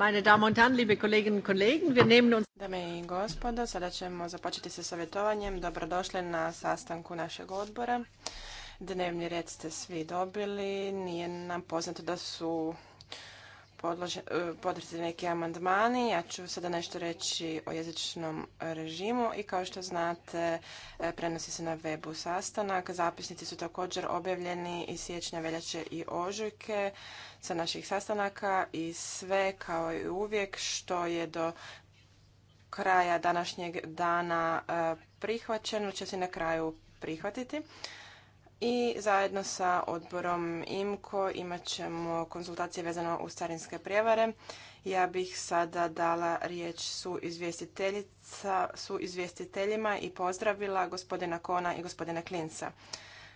Meine Dame i gospodo, sada ćemo započeti sa savjetovanjem. Dobrodošli na sastanku našeg odbora. Dnevni red ste svi dobili. Nije nam poznato da su E, podržati neki amandmani. Ja ću sada nešto reći o jezičnom režimu i kao što znate e, prenosi se na webu sastanak. Zapisnici su također objavljeni i siječnja, veljače i ožujke sa naših sastanaka i sve kao i uvijek što je do kraja današnjeg dana e, prihvaćeno će se na kraju prihvatiti i zajedno sa odborom IMKO imat ćemo konzultacije vezano uz carinske prijevare. Ja bih sada dala riječ su, su izvjestiteljima i pozdravila gospodina Kona i gospodina Klinsa.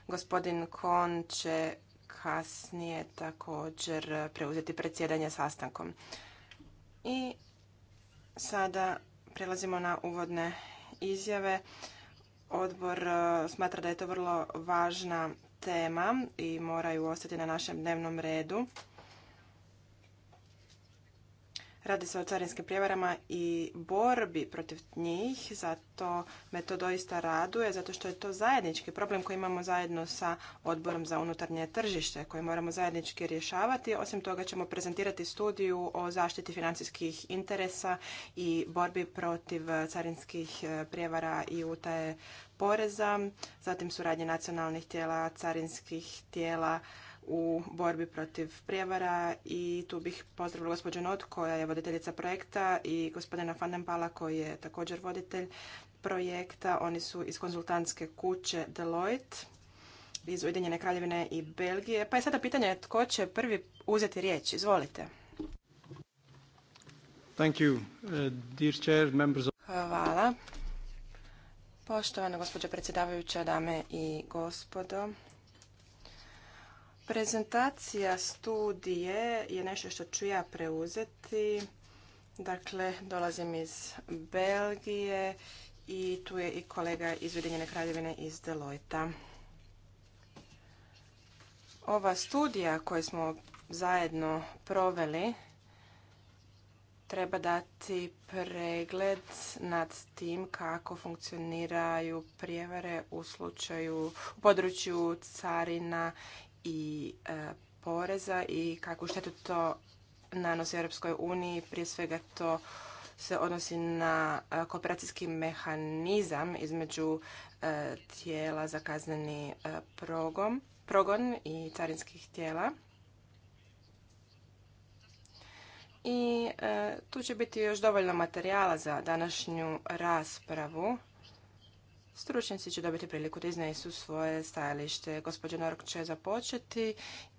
Gospodin Kon će kasnije također preuzeti predsjedanje sastankom. I sada prelazimo na uvodne izjave. Odbor e, smatra da je to vrlo važna tema i moraju ostati na našem dnevnom redu. Radi se o carinskim prijevarama i borbi protiv njih, zato me to doista raduje, zato što je to zajednički problem koji imamo zajedno sa odborom za unutarnje tržište, koji moramo zajednički rješavati. Osim toga ćemo prezentirati studiju o zaštiti financijskih interesa i borbi protiv carinskih e, prijevara i utaje poreza, zatim suradnje nacionalnih tijela, carinskih tijela, u borbi protiv prijevara i tu bih pozdravila gospođu Not koja je voditeljica projekta i gospodina Fandenpala koji je također voditelj projekta. Oni su iz konzultantske kuće Deloitte iz Ujedinjene kraljevine i Belgije. Pa je sada pitanje tko će prvi uzeti riječ. Izvolite. Uh, Hvala. Poštovana gospođa predsjedavajuća, dame i gospodo, Prezentacija studije je nešto što ću ja preuzeti. Dakle, dolazim iz Belgije i tu je i kolega iz Ujedinjene kraljevine iz Deloita. Ova studija koju smo zajedno proveli treba dati pregled nad tim kako funkcioniraju prijevare u slučaju u području carina i e, poreza i kakvu štetu to nanosi Europskoj uniji. Prije svega to se odnosi na e, kooperacijski mehanizam između e, tijela za kazneni progon i carinskih tijela. I tu će biti još dovoljno materijala za današnju raspravu. Stručnjaci će dobiti priliku da iznesu svoje stajalište. Gospođa Norok će započeti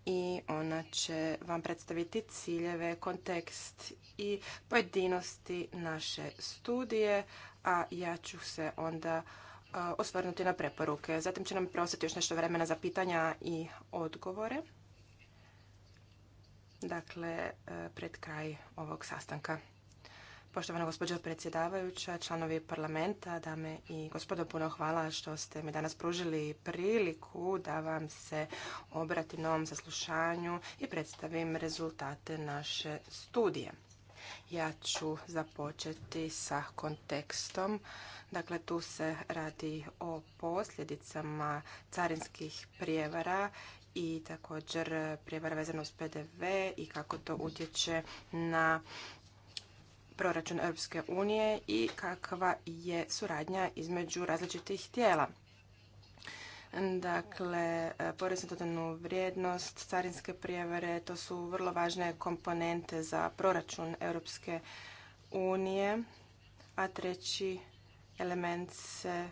i ona će vam predstaviti ciljeve, kontekst i pojedinosti naše studije, a ja ću se onda osvrnuti na preporuke. Zatim će nam preostati još nešto vremena za pitanja i odgovore. Dakle, e, pred kraj ovog sastanka. Poštovana gospođo predsjedavajuća, članovi parlamenta, dame i gospodo, puno hvala što ste mi danas pružili priliku da vam se obratim na ovom saslušanju i predstavim rezultate naše studije. Ja ću započeti sa kontekstom. Dakle, tu se radi o posljedicama carinskih prijevara i također prijevara vezano uz PDV i kako to utječe na proračun Europske unije i kakva je suradnja između različitih tijela. Dakle, e, porez na dodanu vrijednost, carinske prijevare, to su vrlo važne komponente za proračun Europske unije. A treći element se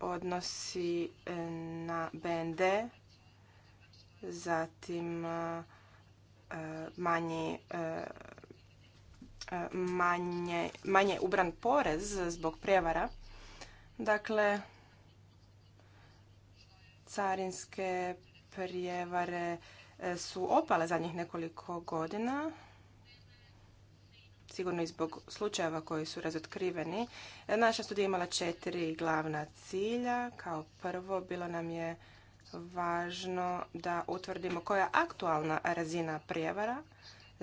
odnosi e, na BND, zatim e, manji E, manje, manje ubran porez zbog prijevara. Dakle, carinske prijevare e, su opale zadnjih nekoliko godina, sigurno i zbog slučajeva koji su razotkriveni. E, naša studija imala četiri glavna cilja. Kao prvo, bilo nam je važno da utvrdimo koja je aktualna razina prijevara,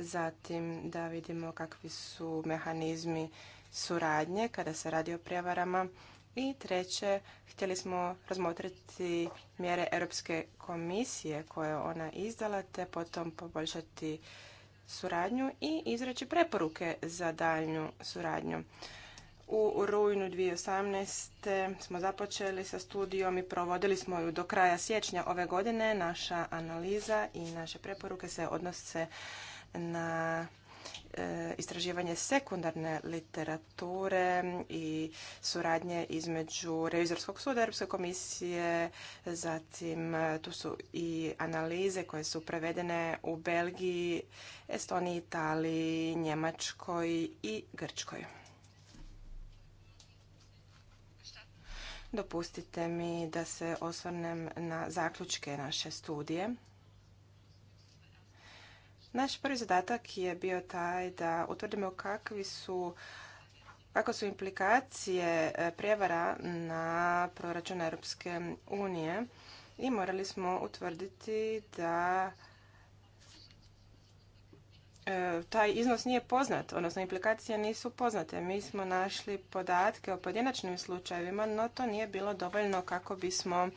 zatim da vidimo kakvi su mehanizmi suradnje kada se radi o prijevarama i treće, htjeli smo razmotriti mjere Europske komisije koje ona izdala te potom poboljšati suradnju i izreći preporuke za daljnju suradnju. U rujnu 2018. smo započeli sa studijom i provodili smo ju do kraja siječnja ove godine. Naša analiza i naše preporuke se odnose na e, istraživanje sekundarne literature i suradnje između Revizorskog suda Europske komisije, zatim e, tu su i analize koje su prevedene u Belgiji, Estoniji, Italiji, Njemačkoj i Grčkoj. Dopustite mi da se osvrnem na zaključke naše studije. Naš prvi zadatak je bio taj da utvrdimo kakvi su kako su implikacije e, prijevara na proračun Europske unije i morali smo utvrditi da e, taj iznos nije poznat, odnosno implikacije nisu poznate. Mi smo našli podatke o pojedinačnim slučajevima, no to nije bilo dovoljno kako bismo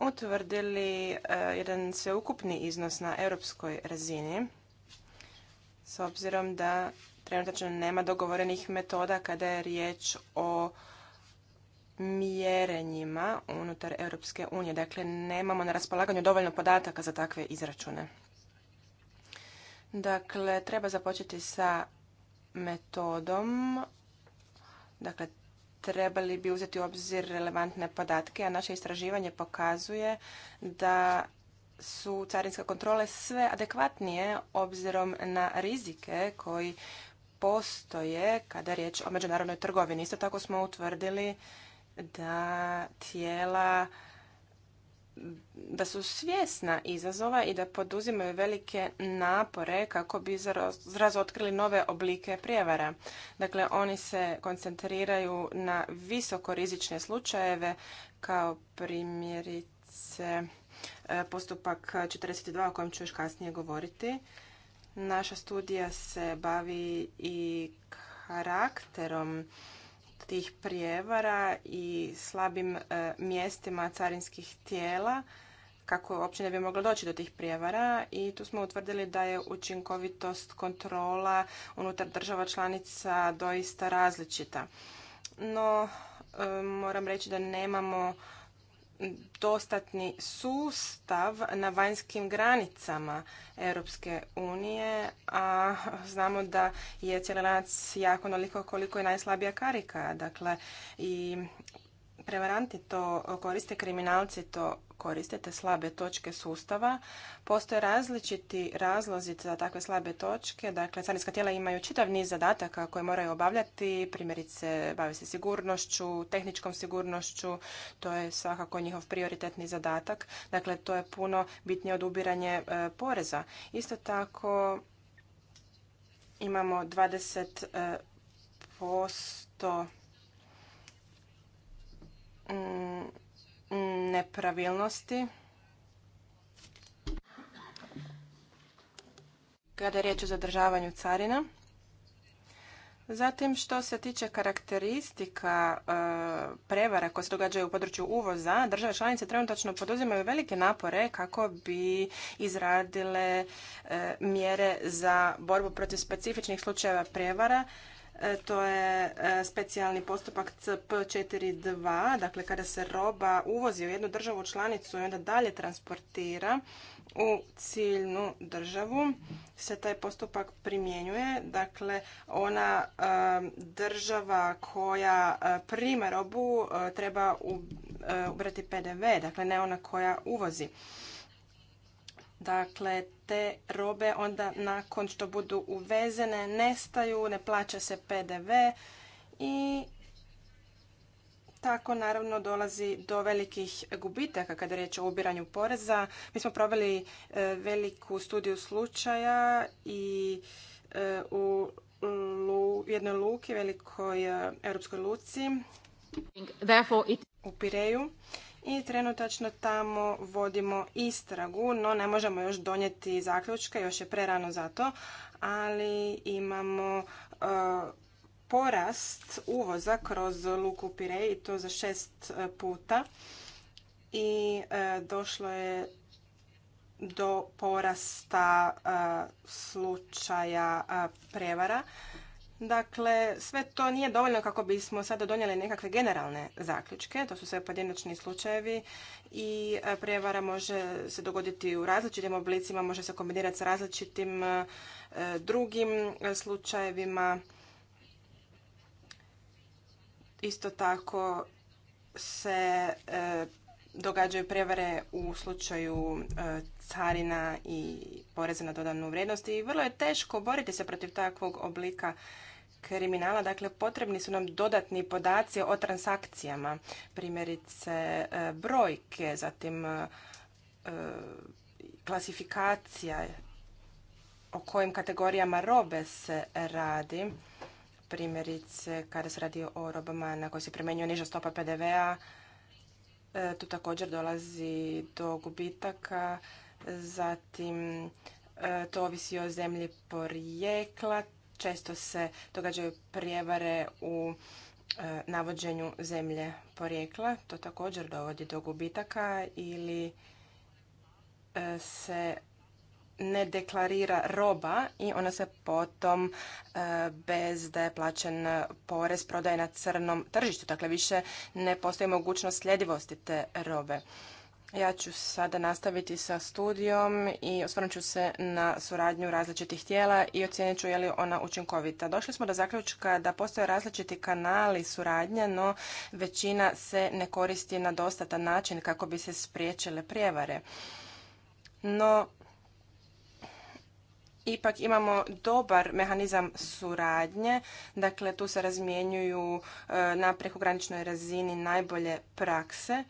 utvrdili e, jedan sveukupni iznos na europskoj razini s obzirom da trenutačno nema dogovorenih metoda kada je riječ o mjerenjima unutar Europske unije. Dakle, nemamo na raspolaganju dovoljno podataka za takve izračune. Dakle, treba započeti sa metodom, dakle, trebali bi uzeti u obzir relevantne podatke, a naše istraživanje pokazuje da su carinske kontrole sve adekvatnije obzirom na rizike koji postoje kada je riječ o međunarodnoj trgovini. Isto tako smo utvrdili da tijela da su svjesna izazova i da poduzimaju velike napore kako bi razotkrili nove oblike prijevara. Dakle, oni se koncentriraju na visokorizične slučajeve kao primjerice e, postupak 42 o kojem ću još kasnije govoriti. Naša studija se bavi i karakterom tih prijevara i slabim e, mjestima carinskih tijela kako uopće ne bi moglo doći do tih prijevara i tu smo utvrdili da je učinkovitost kontrola unutar država članica doista različita. No, e, moram reći da nemamo dostatni sustav na vanjskim granicama Europske unije, a znamo da je cijeli lanac jako koliko je najslabija karika. Dakle, i Prevaranti to koriste, kriminalci to koriste, te slabe točke sustava. Postoje različiti razlozi za takve slabe točke. Dakle, carinska tijela imaju čitav niz zadataka koje moraju obavljati. Primjerice, bave se sigurnošću, tehničkom sigurnošću. To je svakako njihov prioritetni zadatak. Dakle, to je puno bitnije od ubiranje e, poreza. Isto tako, imamo 20% e, posto Mm, nepravilnosti. Kada je riječ o zadržavanju carina. Zatim što se tiče karakteristika e, prevara koje se događaju u području uvoza, države članice trenutačno poduzimaju velike napore kako bi izradile e, mjere za borbu protiv specifičnih slučajeva prevara E, to je e, specijalni postupak CP42, dakle kada se roba uvozi u jednu državu članicu i onda dalje transportira u ciljnu državu se taj postupak primjenjuje. Dakle, ona e, država koja prima robu treba ubrati PDV, dakle ne ona koja uvozi. Dakle, te robe onda nakon što budu uvezene nestaju, ne plaća se PDV i tako naravno dolazi do velikih gubitaka kada je riječ o ubiranju poreza. Mi smo proveli e, veliku studiju slučaja i e, u jednoj luki, velikoj e, europskoj luci, u Pireju i trenutačno tamo vodimo istragu, no ne možemo još donijeti zaključke, još je prerano za to, ali imamo e, porast uvoza kroz luku Pirej i to za šest e, puta i e, došlo je do porasta slučaja prevara. Dakle, sve to nije dovoljno kako bismo sada donijeli nekakve generalne zaključke, to su sve pojedinačni slučajevi i e, prijevara može se dogoditi u različitim oblicima, može se kombinirati sa različitim e, drugim e, slučajevima. Isto tako se događaju prevare u slučaju carina i poreza na dodanu vrijednost i vrlo je teško boriti se protiv takvog oblika kriminala. Dakle, potrebni su nam dodatni podaci o transakcijama, primjerice e, brojke, zatim e, klasifikacija o kojim kategorijama robe se radi. Primjerice, kada se radi o robama na koje se primjenjuje niža stopa PDV-a, e, tu također dolazi do gubitaka. Zatim, to ovisi o zemlji porijekla često se događaju prijevare u e, navođenju zemlje porijekla. To također dovodi do gubitaka ili e, se ne deklarira roba i ona se potom e, bez da je plaćen porez prodaje na crnom tržištu. Dakle, više ne postoji mogućnost sljedivosti te robe. Ja ću sada nastaviti sa studijom i osvrnut ću se na suradnju različitih tijela i ocijenit ću je li ona učinkovita. Došli smo do zaključka da postoje različiti kanali suradnje, no većina se ne koristi na dostatan način kako bi se spriječile prijevare. No, ipak imamo dobar mehanizam suradnje, dakle tu se razmjenjuju e, na prekograničnoj razini najbolje prakse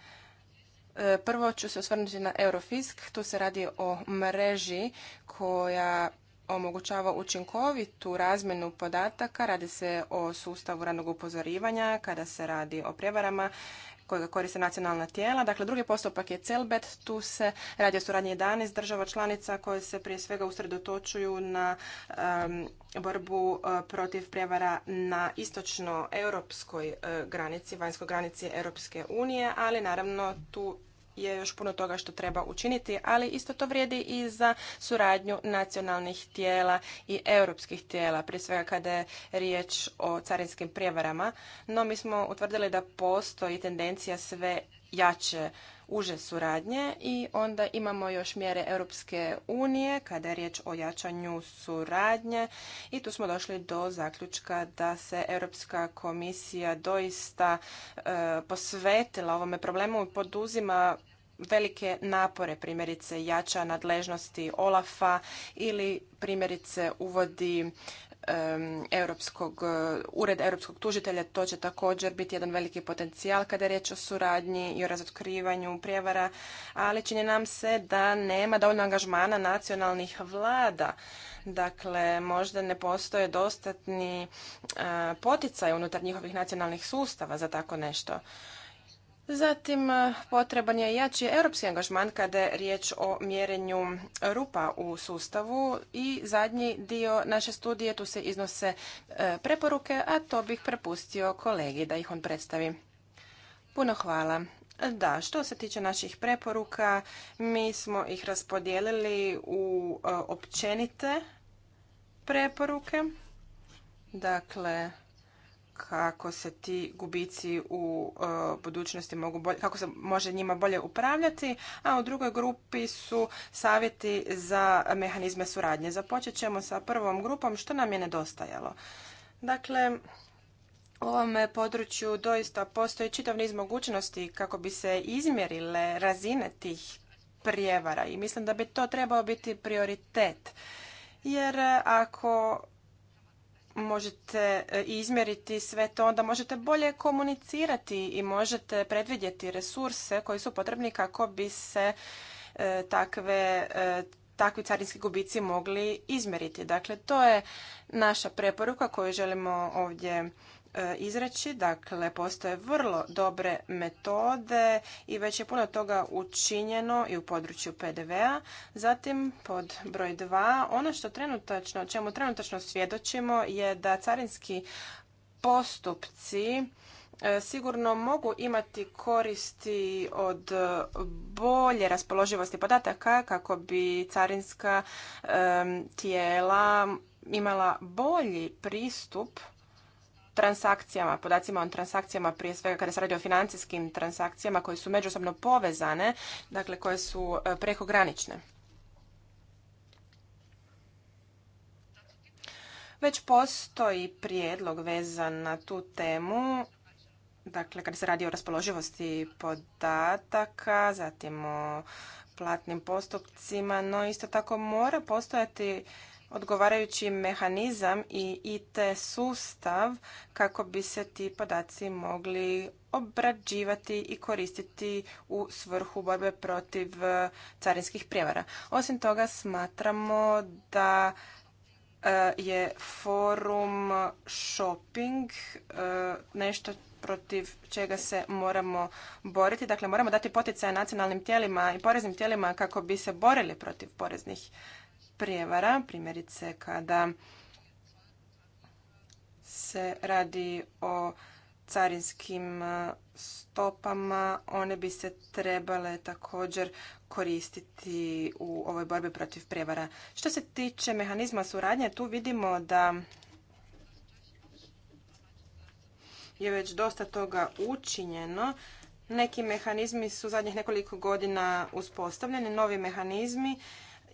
Prvo ću se osvrnuti na Eurofisk. Tu se radi o mreži koja omogućava učinkovitu razmjenu podataka. Radi se o sustavu ranog upozorivanja kada se radi o prijevarama kojega koriste nacionalna tijela. Dakle, drugi postupak je CELBET. Tu se radi o suradnji 11 država članica koje se prije svega usredotočuju na borbu e, protiv prijevara na istočno europskoj e, granici, vanjskoj granici Europske unije, ali naravno tu je još puno toga što treba učiniti, ali isto to vrijedi i za suradnju nacionalnih tijela i europskih tijela, prije svega kada je riječ o carinskim prijevarama. No, mi smo utvrdili da postoji tendencija sve jače uže suradnje i onda imamo još mjere Europske unije kada je riječ o jačanju suradnje i tu smo došli do zaključka da se Europska komisija doista e, posvetila ovome problemu i poduzima velike napore, primjerice jača nadležnosti Olafa ili primjerice uvodi e, Europskog, e, Ured Europskog tužitelja. To će također biti jedan veliki potencijal kada je riječ o suradnji i o razotkrivanju prijevara, ali čini nam se da nema dovoljno angažmana nacionalnih vlada. Dakle, možda ne postoje dostatni e, poticaj unutar njihovih nacionalnih sustava za tako nešto. Zatim, e, potreban je jači europski angažman kada je riječ o mjerenju rupa u sustavu i zadnji dio naše studije, tu se iznose e, preporuke, a to bih prepustio kolegi da ih on predstavi. Puno hvala. Da, što se tiče naših preporuka, mi smo ih raspodijelili u e, općenite preporuke. Dakle, kako se ti gubici u e, budućnosti mogu bolje, kako se može njima bolje upravljati, a u drugoj grupi su savjeti za mehanizme suradnje. Započet ćemo sa prvom grupom što nam je nedostajalo. Dakle, u ovom području doista postoji čitav niz mogućnosti kako bi se izmjerile razine tih prijevara i mislim da bi to trebao biti prioritet. Jer ako možete e, izmjeriti sve to, onda možete bolje komunicirati i možete predvidjeti resurse koji su potrebni kako bi se e, takve e, takvi carinski gubici mogli izmjeriti. Dakle, to je naša preporuka koju želimo ovdje E, izreći. Dakle, postoje vrlo dobre metode i već je puno toga učinjeno i u području PDV-a. Zatim, pod broj 2, ono što trenutačno, čemu trenutačno svjedočimo je da carinski postupci e, sigurno mogu imati koristi od bolje raspoloživosti podataka kako bi carinska e, tijela imala bolji pristup transakcijama, podacima o transakcijama, prije svega kada se radi o financijskim transakcijama koje su međusobno povezane, dakle koje su e, prekogranične. Već postoji prijedlog vezan na tu temu, dakle kada se radi o raspoloživosti podataka, zatim o platnim postupcima, no isto tako mora postojati odgovarajući mehanizam i IT sustav kako bi se ti podaci mogli obrađivati i koristiti u svrhu borbe protiv e, carinskih prijevara. Osim toga smatramo da e, je forum shopping e, nešto protiv čega se moramo boriti. Dakle, moramo dati poticaje nacionalnim tijelima i poreznim tijelima kako bi se borili protiv poreznih prijevara, primjerice kada se radi o carinskim e, stopama, one bi se trebale također koristiti u ovoj borbi protiv prijevara. Što se tiče mehanizma suradnje, tu vidimo da je već dosta toga učinjeno. Neki mehanizmi su zadnjih nekoliko godina uspostavljeni, novi mehanizmi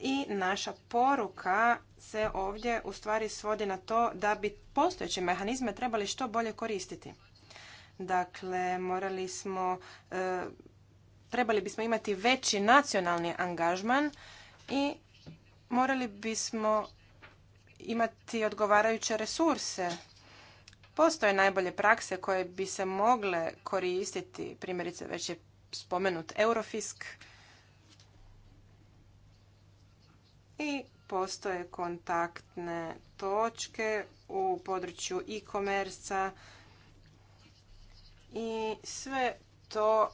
i naša poruka se ovdje u stvari svodi na to da bi postojeće mehanizme trebali što bolje koristiti. Dakle, morali smo, e, trebali bismo imati veći nacionalni angažman i morali bismo imati odgovarajuće resurse. Postoje najbolje prakse koje bi se mogle koristiti, primjerice već je spomenut Eurofisk, i postoje kontaktne točke u području e-komerca i sve to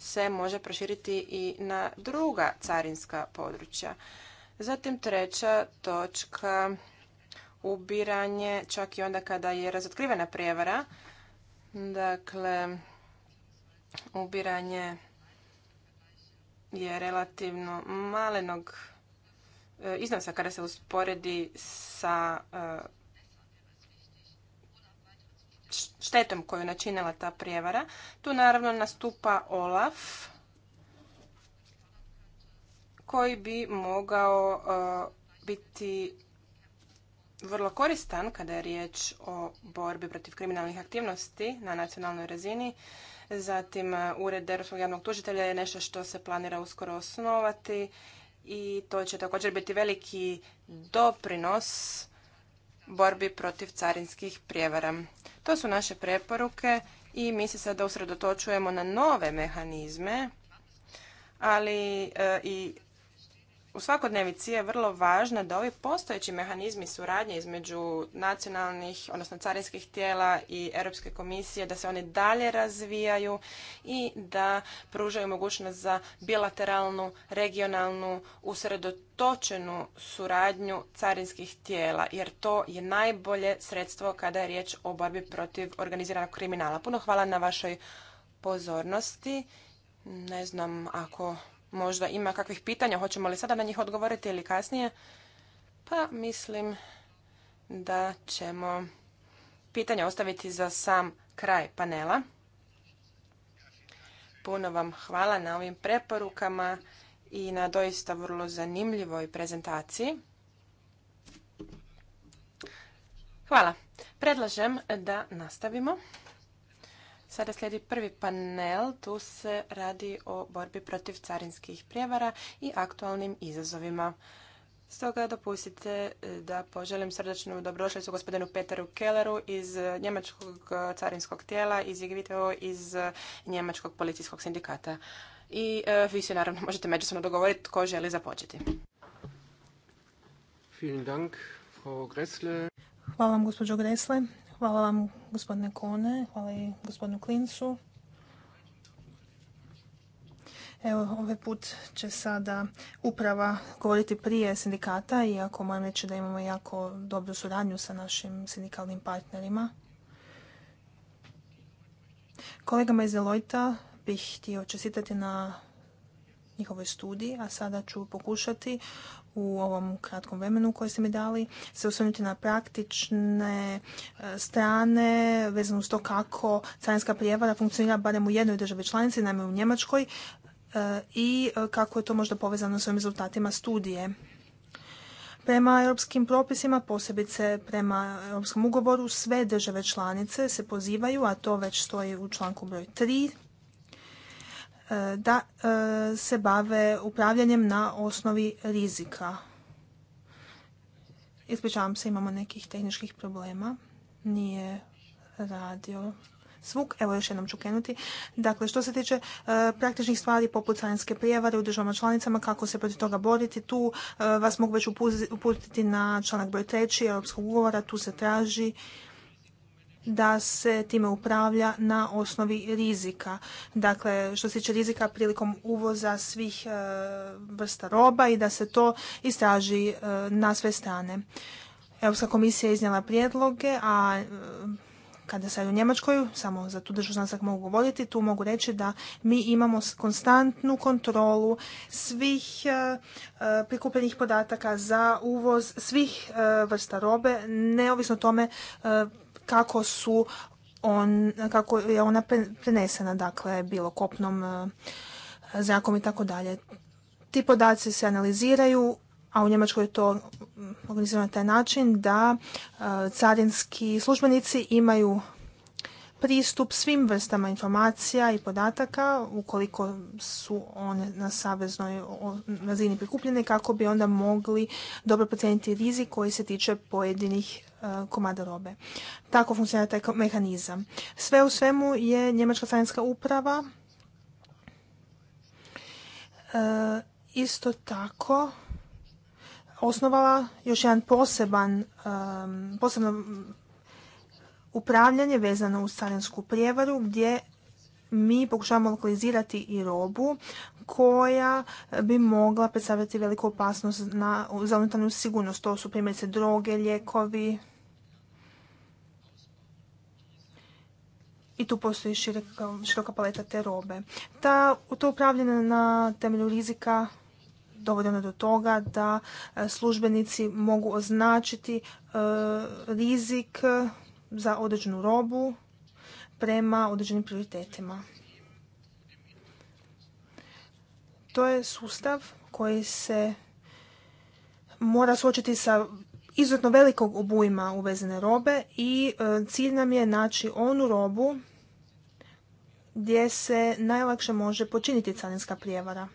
se može proširiti i na druga carinska područja. Zatim treća točka ubiranje, čak i onda kada je razotkrivena prijevara. Dakle, ubiranje je relativno malenog E, iznosa kada se usporedi sa e, štetom koju je načinila ta prijevara. Tu naravno nastupa Olaf koji bi mogao e, biti vrlo koristan kada je riječ o borbi protiv kriminalnih aktivnosti na nacionalnoj razini. Zatim, Ured Europskog javnog tužitelja je nešto što se planira uskoro osnovati i to će također biti veliki doprinos borbi protiv carinskih prijevara. To su naše preporuke i mi se sada usredotočujemo na nove mehanizme, ali e, i u svakodnevici je vrlo važno da ovi postojeći mehanizmi suradnje između nacionalnih, odnosno carinskih tijela i Europske komisije, da se oni dalje razvijaju i da pružaju mogućnost za bilateralnu, regionalnu, usredotočenu suradnju carinskih tijela, jer to je najbolje sredstvo kada je riječ o borbi protiv organiziranog kriminala. Puno hvala na vašoj pozornosti. Ne znam ako možda ima kakvih pitanja, hoćemo li sada na njih odgovoriti ili kasnije, pa mislim da ćemo pitanja ostaviti za sam kraj panela. Puno vam hvala na ovim preporukama i na doista vrlo zanimljivoj prezentaciji. Hvala. Predlažem da nastavimo. Sada slijedi prvi panel, tu se radi o borbi protiv carinskih prijevara i aktualnim izazovima. Stoga dopustite e, da poželim srdačnu dobrošlicu gospodinu Peteru Kelleru iz Njemačkog carinskog tijela, iz Igviteo, iz Njemačkog policijskog sindikata. I e, vi se naravno možete međusobno dogovoriti tko želi započeti. Hvala vam, gospođo Gresle. Hvala vam gospodine Kone, hvala i gospodinu Klincu. Evo, ovaj put će sada uprava govoriti prije sindikata, iako moram reći da imamo jako dobru suradnju sa našim sindikalnim partnerima. Kolegama iz Deloita bih htio čestitati na njihovoj studiji, a sada ću pokušati u ovom kratkom vremenu koje ste mi dali se osvrnuti na praktične e, strane vezano uz to kako carinska prijevara funkcionira barem u jednoj državi članici, naime u Njemačkoj, e, i kako je to možda povezano s ovim rezultatima studije. Prema europskim propisima, posebice prema europskom ugovoru, sve države članice se pozivaju, a to već stoji u članku broj tri. E, da e, se bave upravljanjem na osnovi rizika. Ispričavam se, imamo nekih tehničkih problema. Nije radio zvuk. Evo još jednom ću krenuti. Dakle, što se tiče e, praktičnih stvari poput carinske prijevare u državama članicama, kako se protiv toga boriti, tu vas mogu već uputiti na članak broj treći Europskog ugovora. Tu se traži da se time upravlja na osnovi rizika. Dakle, što se tiče rizika prilikom uvoza svih e, vrsta roba i da se to istraži e, na sve strane. Europska komisija je iznijela prijedloge, a e, kada sam u Njemačkoj, samo za tu državu znasak mogu govoriti, tu mogu reći da mi imamo konstantnu kontrolu svih prikupljenih podataka za uvoz svih vrsta robe, neovisno tome kako su on, kako je ona prenesena, dakle, bilo kopnom, e, zrakom i tako dalje. Ti podaci se analiziraju, a u Njemačkoj je to organizirano na taj način da e, carinski službenici imaju pristup svim vrstama informacija i podataka ukoliko su one na saveznoj razini prikupljene kako bi onda mogli dobro procijeniti rizik koji se tiče pojedinih e, komada robe. Tako funkcionira taj mehanizam. Sve u svemu je Njemačka carinska uprava e, isto tako osnovala još jedan poseban, e, posebno upravljanje vezano uz carinsku prijevaru gdje mi pokušavamo lokalizirati i robu koja bi mogla predstavljati veliku opasnost na, za unutarnju sigurnost. To su primjerice droge, lijekovi. I tu postoji široka, paleta te robe. to upravljanje na temelju rizika dovoljeno do toga da e, službenici mogu označiti e, rizik za određenu robu prema određenim prioritetima. To je sustav koji se mora suočiti sa izuzetno velikog obujma uvezene robe i e, cilj nam je naći onu robu gdje se najlakše može počiniti carinska prijevara.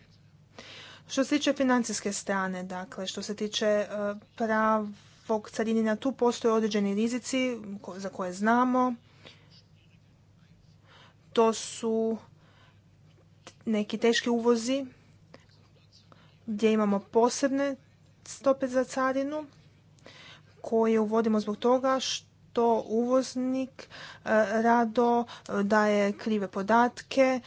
Što se tiče financijske strane, dakle, što se tiče e, prav zbog carinina tu postoje određeni rizici za koje znamo. To su neki teški uvozi gdje imamo posebne stope za carinu koje uvodimo zbog toga što to uvoznik e, rado e, daje krive podatke e,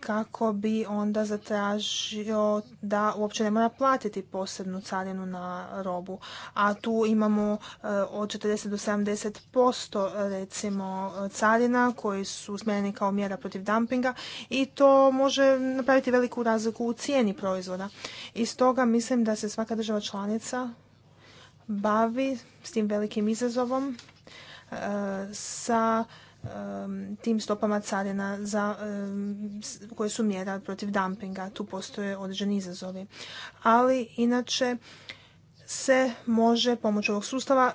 kako bi onda zatražio da uopće ne mora platiti posebnu carinu na robu. A tu imamo od 40 do 70% recimo carina koji su smjereni kao mjera protiv dumpinga i to može napraviti veliku razliku u cijeni proizvoda. I stoga mislim da se svaka država članica bavi s tim velikim izazovom sa tim stopama carina za, koje su mjera protiv dumpinga. Tu postoje određeni izazovi. Ali inače se može pomoć ovog sustava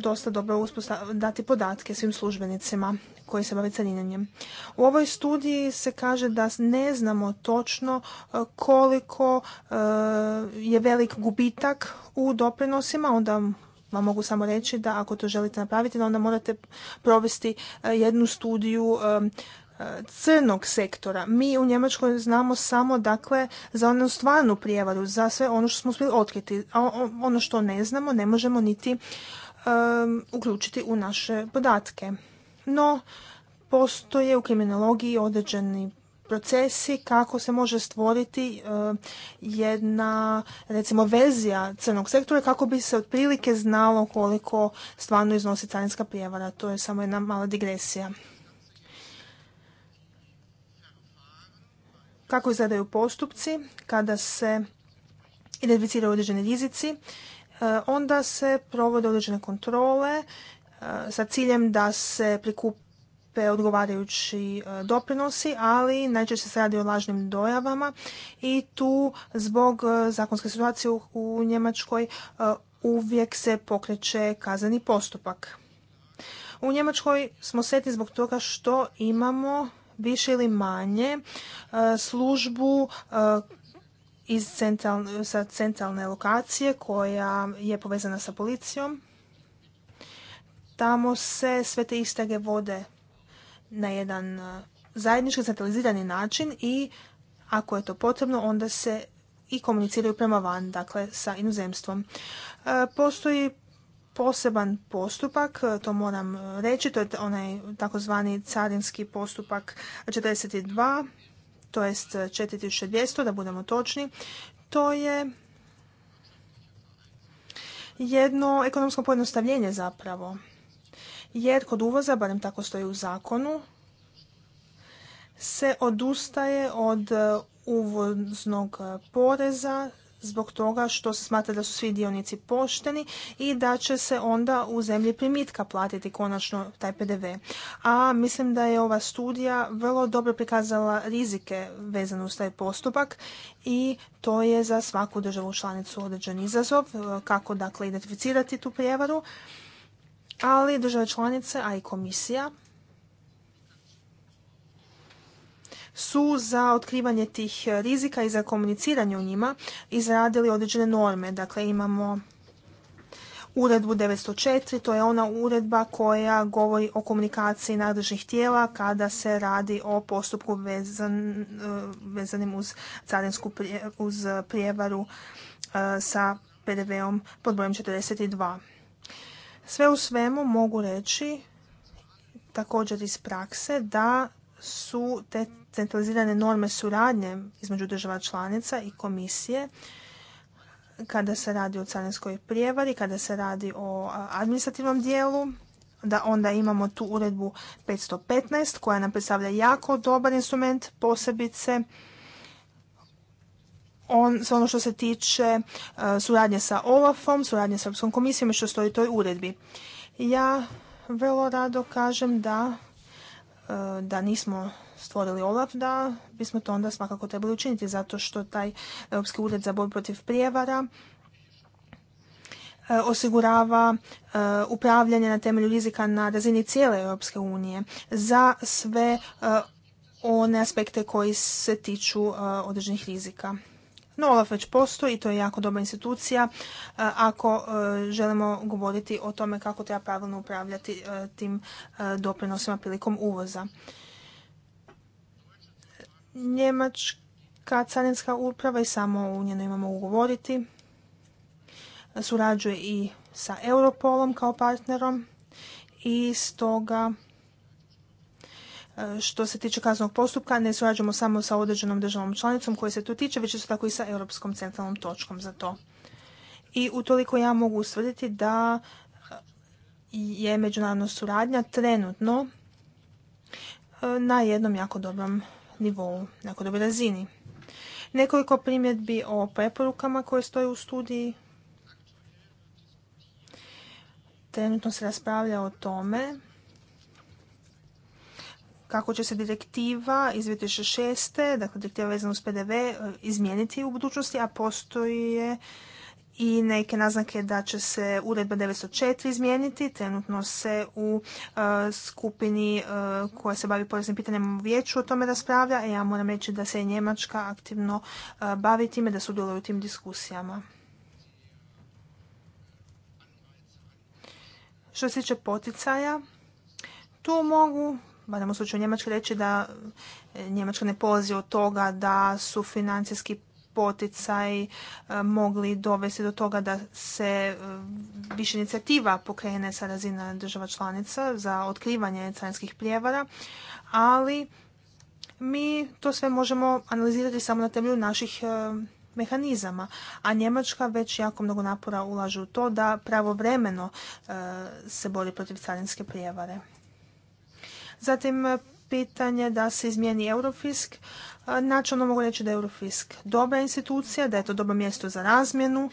dosta dobro dati podatke svim službenicima koji se bave carinjenjem. U ovoj studiji se kaže da ne znamo točno e, koliko e, je velik gubitak u doprinosima, onda vam mogu samo reći da ako to želite napraviti, onda morate provesti e, jednu studiju e, e, crnog sektora. Mi u Njemačkoj znamo samo dakle za onu stvarnu prijevaru, za sve ono što smo uspjeli otkriti. A ono što ne znamo ne možemo niti uključiti u naše podatke. No, postoje u kriminologiji određeni procesi kako se može stvoriti e, jedna recimo verzija crnog sektora kako bi se otprilike znalo koliko stvarno iznosi carinska prijevara. To je samo jedna mala digresija. Kako izgledaju postupci kada se identificiraju određeni rizici, e, onda se provode određene kontrole e, sa ciljem da se prikupi te odgovarajući e, doprinosi, ali najčešće se radi o lažnim dojavama i tu zbog e, zakonske situacije u Njemačkoj e, uvijek se pokreće kazani postupak. U Njemačkoj smo sretni zbog toga što imamo više ili manje službu iz centralne, sa centralne lokacije koja je povezana sa policijom. Tamo se sve te istrage vode na jedan e, zajednički centralizirani način i ako je to potrebno onda se i komuniciraju prema van, dakle sa inozemstvom. E, postoji poseban postupak, e, to moram reći, to je onaj takozvani carinski postupak 42, to jest 4200, da budemo točni. To je jedno ekonomsko pojednostavljenje zapravo jer kod uvoza, barem tako stoji u zakonu, se odustaje od e, uvoznog e, poreza zbog toga što se smatra da su svi dionici pošteni i da će se onda u zemlji primitka platiti konačno taj PDV. A mislim da je ova studija vrlo dobro prikazala rizike vezano uz taj postupak i to je za svaku državu članicu određen izazov, e, kako dakle identificirati tu prijevaru, ali države članice, a i komisija, su za otkrivanje tih rizika i za komuniciranje u njima izradili određene norme. Dakle, imamo uredbu 904, to je ona uredba koja govori o komunikaciji nadležnih tijela kada se radi o postupku vezan, eh, vezanim uz carinsku prije, uz prijevaru eh, sa PDV-om pod brojem 42. Sve u svemu mogu reći također iz prakse da su te centralizirane norme suradnje između država članica i komisije kada se radi o carinskoj prijevari, kada se radi o administrativnom dijelu, da onda imamo tu uredbu 515 koja nam predstavlja jako dobar instrument, posebice ono što se tiče e, suradnje sa OLAF-om, suradnje sa Europskom komisijom i što stoji u toj uredbi. Ja vrlo rado kažem da, e, da nismo stvorili Olaf, da bismo to onda svakako trebali učiniti, zato što taj Europski ured za borbu protiv prijevara e, osigurava upravljanje na temelju rizika na razini cijele Europske unije za sve one aspekte koji se tiču određenih rizika. No, Olaf već postoji i to je jako dobra institucija e, ako e, želimo govoriti o tome kako treba pravilno upravljati e, tim doprinosima prilikom uvoza. Njemačka carinska uprava i samo u njenoj imamo ugovoriti. Surađuje i sa Europolom kao partnerom i stoga E, što se tiče kaznog postupka ne surađujemo samo sa određenom državom članicom koji se tu tiče, već isto tako i sa Europskom centralnom točkom za to. I utoliko ja mogu ustvrditi da e, je međunarodna suradnja trenutno e, na jednom jako dobrom nivou, jako dobroj razini. Nekoliko primjedbi o preporukama koje stoje u studiji. Trenutno se raspravlja o tome kako će se direktiva iz 2006. dakle direktiva vezana uz PDV e, izmijeniti u budućnosti, a postoje i neke naznake da će se uredba 904 izmijeniti. Trenutno se u e, skupini e, koja se bavi poreznim pitanjem u vijeću o tome raspravlja. ja moram reći da se i Njemačka aktivno bavi time, da sudjeluje u tim diskusijama. Što se tiče poticaja, tu mogu barem u slučaju Njemačke, reći da e, Njemačka ne polazi od toga da su financijski poticaj e, mogli dovesti do toga da se e, više inicijativa pokrene sa razina država članica za otkrivanje carinskih prijevara, ali mi to sve možemo analizirati samo na temelju naših mehanizama, a Njemačka već jako mnogo napora ulaže u to da pravovremeno se bori protiv carinske prijevare. Zatim e, pitanje da se izmijeni Eurofisk. E, načelno mogu reći da je Eurofisk dobra institucija, da je to dobro mjesto za razmjenu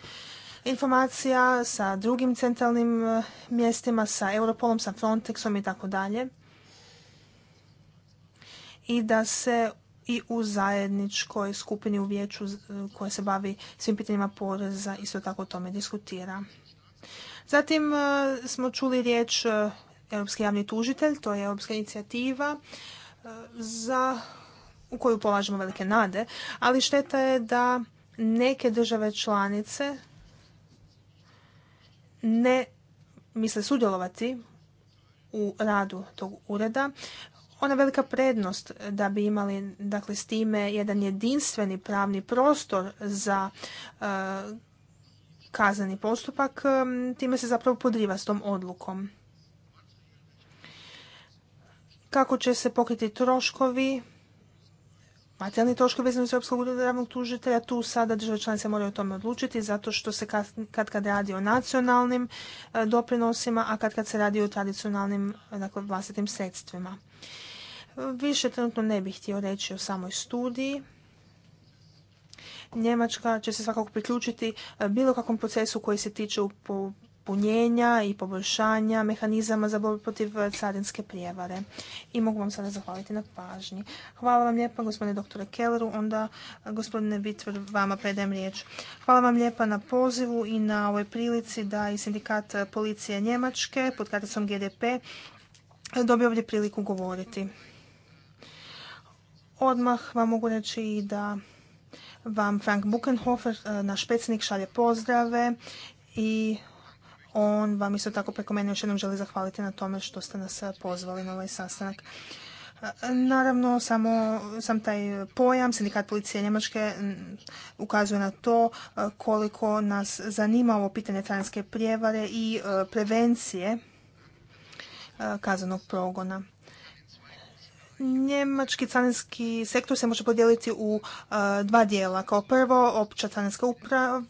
informacija sa drugim centralnim e, mjestima, sa Europolom, sa Frontexom i tako dalje. I da se i u zajedničkoj skupini u vijeću koja se bavi svim pitanjima poreza isto tako o tome diskutira. Zatim smo čuli riječ Europski javni tužitelj, to je europska inicijativa e, za, u koju polažemo velike nade, ali šteta je da neke države članice ne misle sudjelovati u radu tog ureda. Ona velika prednost da bi imali dakle, s time jedan jedinstveni pravni prostor za e, kazani postupak, e, time se zapravo podriva s tom odlukom kako će se pokriti troškovi, materijalni troškovi vezani s Europskog državnog tužitelja. Tu sada države članice moraju o tome odlučiti zato što se kad, kad radi o nacionalnim e, doprinosima, a kad kad se radi o tradicionalnim dakle, vlastitim sredstvima. Više trenutno ne bih htio reći o samoj studiji. Njemačka će se svakako priključiti e, bilo kakvom procesu koji se tiče dopunjenja i poboljšanja mehanizama za borbu protiv carinske prijevare. I mogu vam sada zahvaliti na pažnji. Hvala vam lijepa gospodine doktore Kelleru, onda gospodine Bitver, vama predajem riječ. Hvala vam lijepa na pozivu i na ovoj prilici da i sindikat policije Njemačke pod karticom GDP dobio ovdje priliku govoriti. Odmah vam mogu reći da vam Frank Buchenhofer, eh, naš predsjednik, šalje pozdrave i on vam isto tako preko mene još jednom želi zahvaliti na tome što ste nas e, pozvali na ovaj sastanak. E, naravno, samo sam taj pojam, sindikat policije Njemačke ukazuje na to e, koliko nas zanima ovo pitanje transke prijevare i prevencije kazanog progona. Njemački carinski sektor se može podijeliti u e, dva dijela. Kao prvo, opća carinska uprava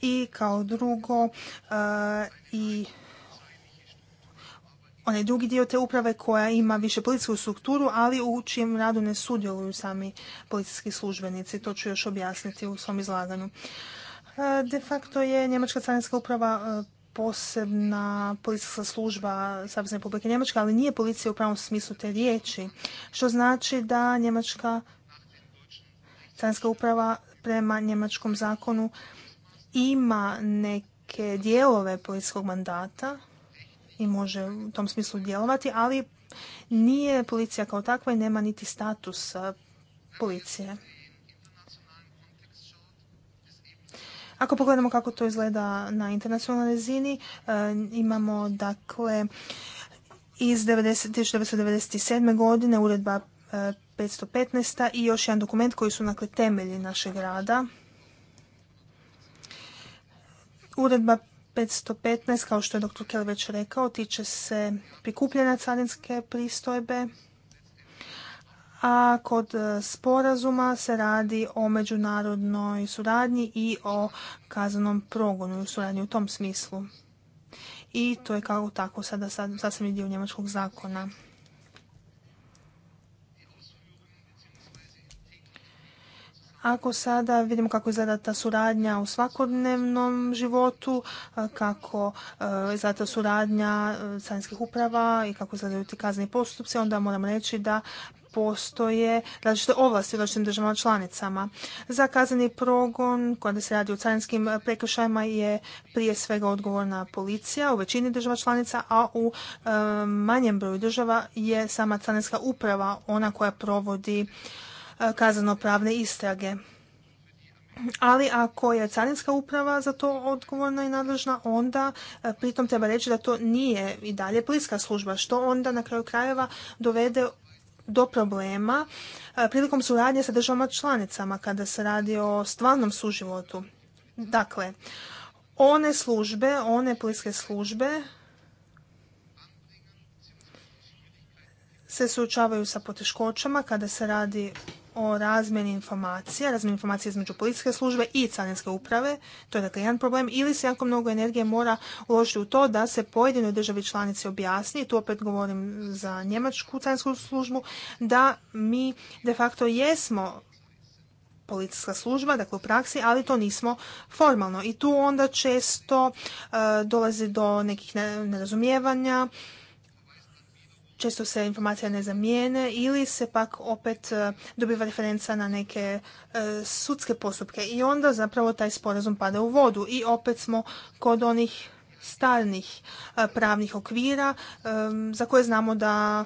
i kao drugo e, i onaj drugi dio te uprave koja ima više policijsku strukturu, ali u čijem radu ne sudjeluju sami policijski službenici. To ću još objasniti u svom izlaganju. E, de facto je Njemačka carinska uprava posebna policijska služba Savezne republike Njemačke, ali nije policija u pravom smislu te riječi, što znači da Njemačka carinska uprava prema njemačkom zakonu ima neke dijelove policijskog mandata i može u tom smislu djelovati, ali nije policija kao takva i nema niti status policije. Ako pogledamo kako to izgleda na internacionalnoj razini, e, imamo dakle iz 1997. godine uredba 515. E, i još jedan dokument koji su dakle, temelji našeg rada. Uredba 515, kao što je dr. Kelly već rekao, tiče se prikupljena carinske pristojbe a kod e, sporazuma se radi o međunarodnoj suradnji i o kaznenom progonu i suradnji u tom smislu. I to je kao tako sada sasvim dio njemačkog zakona. Ako sada vidimo kako izgleda ta suradnja u svakodnevnom životu, e, kako e, izgleda ta suradnja carinskih uprava i kako izgledaju ti kazni postupci, onda moram reći da postoje različite ovlasti u različitim državama članicama. Za kazneni progon, kada se radi o carinskim prekršajima, je prije svega odgovorna policija u većini država članica, a u e, manjem broju država je sama carinska uprava ona koja provodi e, kazano-pravne istrage. Ali ako je carinska uprava za to odgovorna i nadležna, onda e, pritom treba reći da to nije i dalje pliska služba, što onda na kraju krajeva dovede do problema e, prilikom suradnje sa državama članicama kada se radi o stvarnom suživotu. Dakle, one službe, one plinske službe se suočavaju sa poteškoćama kada se radi o razmjeni informacija, razmjeni informacija između policijske službe i carinske uprave, to je dakle jedan problem, ili se jako mnogo energije mora uložiti u to da se pojedinoj državi članici objasni, tu opet govorim za njemačku carinsku službu, da mi de facto jesmo policijska služba, dakle u praksi, ali to nismo formalno. I tu onda često eh, dolazi do nekih nerazumijevanja, često se informacija ne zamijene ili se pak opet e, dobiva referenca na neke e, sudske postupke i onda zapravo taj sporazum pada u vodu i opet smo kod onih starnih e, pravnih okvira za koje znamo da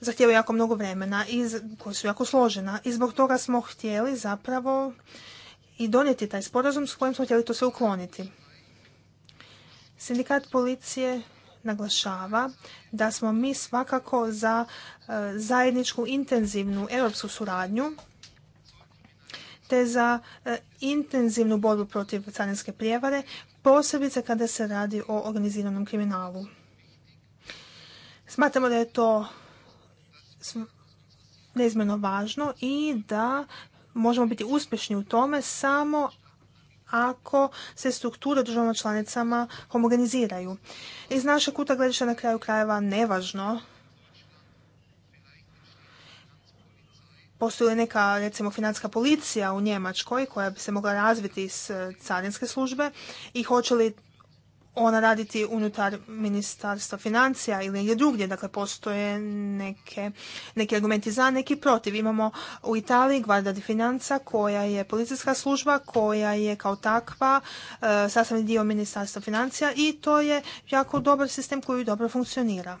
zahtijevaju jako mnogo vremena i koje su jako složena. I zbog toga smo htjeli zapravo i donijeti taj sporazum s kojim smo htjeli to sve ukloniti. Sindikat policije naglašava da smo mi svakako za e, zajedničku intenzivnu europsku suradnju te za e, intenzivnu borbu protiv carinske prijevare, posebice kada se radi o organiziranom kriminalu. Smatramo da je to neizmjerno važno i da možemo biti uspješni u tome samo ako se strukture državama članicama homogeniziraju. Iz našeg kuta gledišta na kraju krajeva nevažno postoji li neka recimo financijska policija u Njemačkoj koja bi se mogla razviti iz carinske službe i hoće li ona raditi unutar ministarstva financija ili negdje drugdje. Dakle, postoje neke, neki argumenti za, neki protiv. Imamo u Italiji Guarda di Finanza koja je policijska služba koja je kao takva e, sastavni dio ministarstva financija i to je jako dobar sistem koji dobro funkcionira.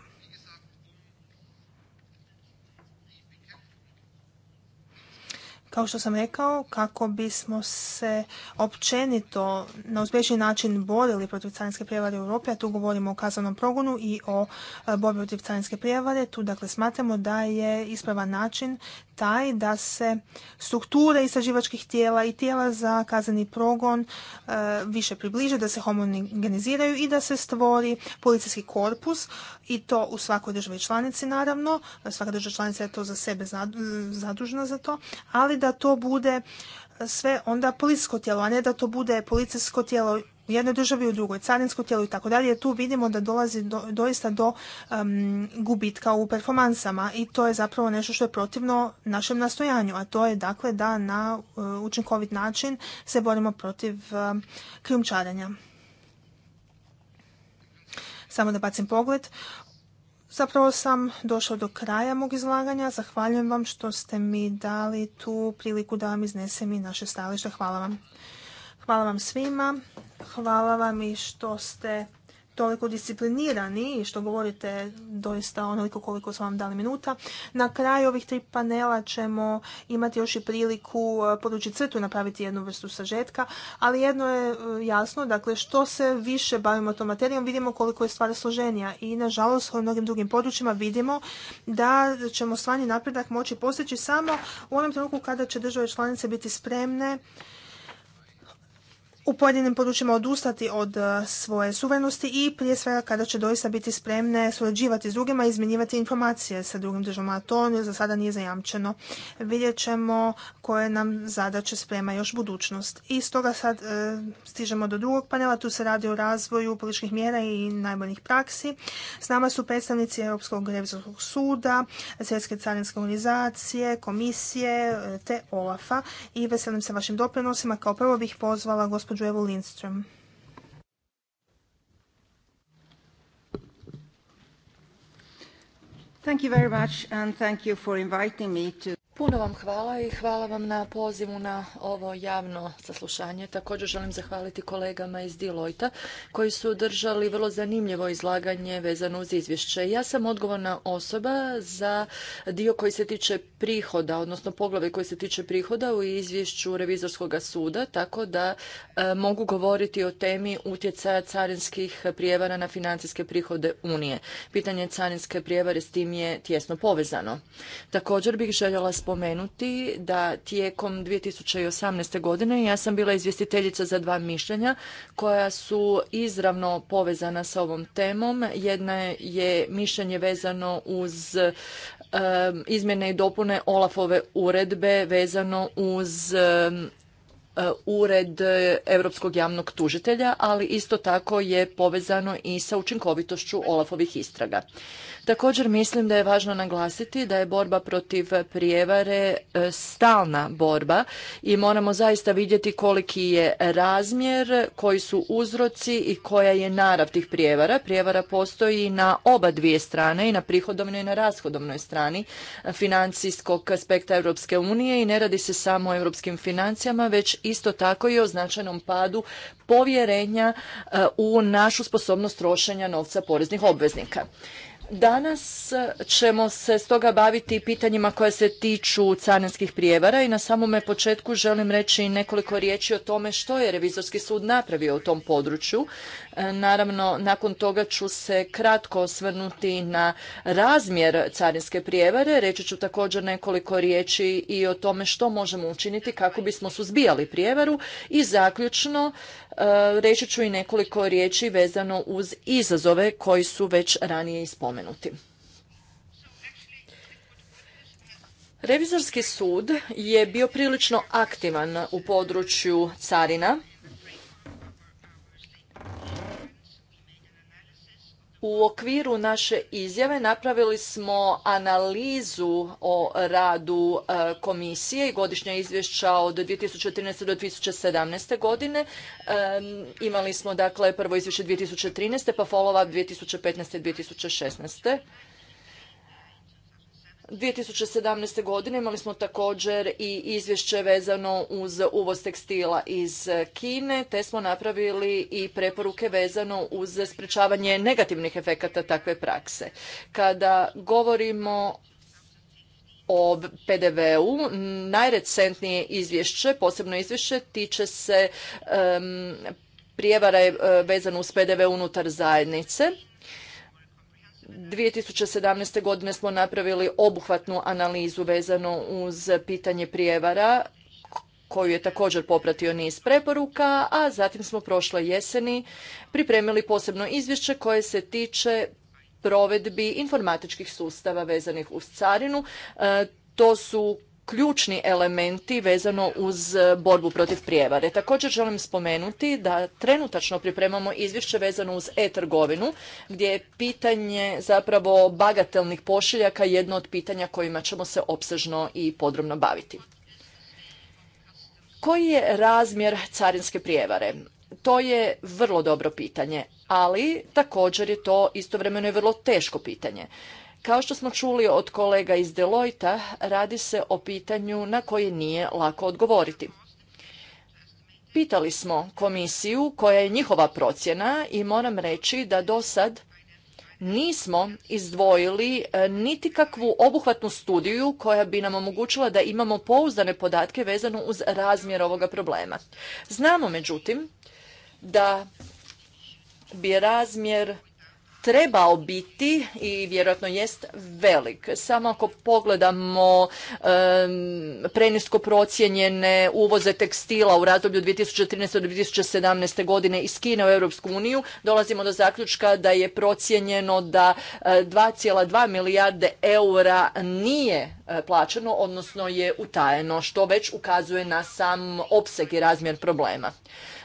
kao što sam rekao, kako bismo se općenito na uspješni način borili protiv carinske prijevare u Europi, a tu govorimo o kaznenom progonu i o e, borbi protiv carinske prijevare, tu dakle smatramo da je ispravan način taj da se strukture istraživačkih tijela i tijela za kazani progon e, više približe, da se homogeniziraju i da se stvori policijski korpus i to u svakoj državi članici naravno, svaka država članica je to za sebe zadužena za to, ali da to bude sve onda policijsko tijelo, a ne da to bude policijsko tijelo u jednoj državi u drugoj, carinsko tijelo i tako dalje, tu vidimo da dolazi doista do gubitka u performansama i to je zapravo nešto što je protivno našem nastojanju, a to je dakle da na e, učinkovit način se borimo protiv uh, krijumčarenja. Samo da bacim pogled. Zapravo sam došao do kraja mog izlaganja. Zahvaljujem vam što ste mi dali tu priliku da vam iznesem i naše stajalište. Hvala vam. Hvala vam svima. Hvala vam i što ste toliko disciplinirani i što govorite doista onoliko koliko smo vam dali minuta. Na kraju ovih tri panela ćemo imati još i priliku e, podući crtu i napraviti jednu vrstu sažetka, ali jedno je e, jasno, dakle što se više bavimo tom materijom, vidimo koliko je stvar složenija i nažalost u mnogim drugim područjima vidimo da ćemo stvarni napredak moći postići samo u onom trenutku kada će države članice biti spremne u pojedinim područjima odustati od e, svoje suverenosti i prije svega kada će doista biti spremne surađivati s drugima i izmjenjivati informacije sa drugim državama. A to za sada nije zajamčeno. Vidjet ćemo koje nam zadaće sprema još budućnost. I stoga sad e, stižemo do drugog panela. Tu se radi o razvoju političkih mjera i najboljih praksi. S nama su predstavnici Europskog revizorskog suda, Svjetske carinske organizacije, komisije e, te OLAF-a. i veselim se vašim doprinosima. Kao prvo bih pozvala gospođu gospođu Lindström. Thank you very much and thank you for inviting me to... Puno vam hvala i hvala vam na pozivu na ovo javno saslušanje. Također želim zahvaliti kolegama iz Deloita koji su držali vrlo zanimljivo izlaganje vezano uz izvješće. Ja sam odgovorna osoba za dio koji se tiče prihoda, odnosno poglave koji se tiče prihoda u izvješću Revizorskog suda, tako da e, mogu govoriti o temi utjecaja carinskih prijevara na financijske prihode Unije. Pitanje carinske prijevare s tim je tjesno povezano. Također bih željela spomenuti spomenuti da tijekom 2018. godine ja sam bila izvjestiteljica za dva mišljenja koja su izravno povezana sa ovom temom. Jedna je mišljenje vezano uz izmjene i dopune Olafove uredbe vezano uz E, ured Europskog javnog tužitelja, ali isto tako je povezano i sa učinkovitošću Olafovih istraga. Također mislim da je važno naglasiti da je borba protiv prijevare e, stalna borba i moramo zaista vidjeti koliki je razmjer, koji su uzroci i koja je narav tih prijevara. Prijevara postoji na oba dvije strane i na prihodovnoj i na rashodovnoj strani financijskog aspekta Europske unije i ne radi se samo o europskim financijama, već isto tako i o značajnom padu povjerenja e, u našu sposobnost trošenja novca poreznih obveznika. Danas ćemo se stoga baviti pitanjima koja se tiču carinskih prijevara i na samome početku želim reći nekoliko riječi o tome što je Revizorski sud napravio u tom području. E, naravno, nakon toga ću se kratko osvrnuti na razmjer carinske prijevare. Reći ću također nekoliko riječi i o tome što možemo učiniti kako bismo suzbijali prijevaru i zaključno E, reći ću i nekoliko riječi vezano uz izazove koji su već ranije ispomenuti. Revizorski sud je bio prilično aktivan u području carina u okviru naše izjave napravili smo analizu o radu e, komisije i godišnja izvješća od 2013. do 2017. godine. Imali smo dakle prvo izvješće 2013. pa follow-up 2015. i 2016. 2017. godine imali smo također i izvješće vezano uz uvoz tekstila iz Kine, te smo napravili i preporuke vezano uz sprečavanje negativnih efekata takve prakse. Kada govorimo o PDV-u, najrecentnije izvješće, posebno izvješće, tiče se um, prijevara e, vezano uz PDV unutar zajednice 2017. godine smo napravili obuhvatnu analizu vezano uz pitanje prijevara koju je također popratio niz preporuka, a zatim smo prošle jeseni pripremili posebno izvješće koje se tiče provedbi informatičkih sustava vezanih uz carinu. E, to su ključni elementi vezano uz e, borbu protiv prijevare. Također želim spomenuti da trenutačno pripremamo izvješće vezano uz e-trgovinu gdje je pitanje zapravo bagatelnih pošiljaka jedno od pitanja kojima ćemo se opsežno i podrobno baviti. Koji je razmjer carinske prijevare? To je vrlo dobro pitanje, ali također je to istovremeno i vrlo teško pitanje. Kao što smo čuli od kolega iz Deloita, radi se o pitanju na koje nije lako odgovoriti. Pitali smo komisiju koja je njihova procjena i moram reći da do sad nismo izdvojili e, niti kakvu obuhvatnu studiju koja bi nam omogućila da imamo pouzdane podatke vezano uz razmjer ovoga problema. Znamo međutim da bi razmjer trebao biti i vjerojatno jest velik. Samo ako pogledamo prenisko procijenjene uvoze tekstila u razdoblju 2013. do 2017. godine iz Kine u Europsku uniju, dolazimo do zaključka da je procijenjeno da 2,2 e, milijarde eura nije e, plaćeno, odnosno je utajeno, što već ukazuje na sam opseg i razmjer problema.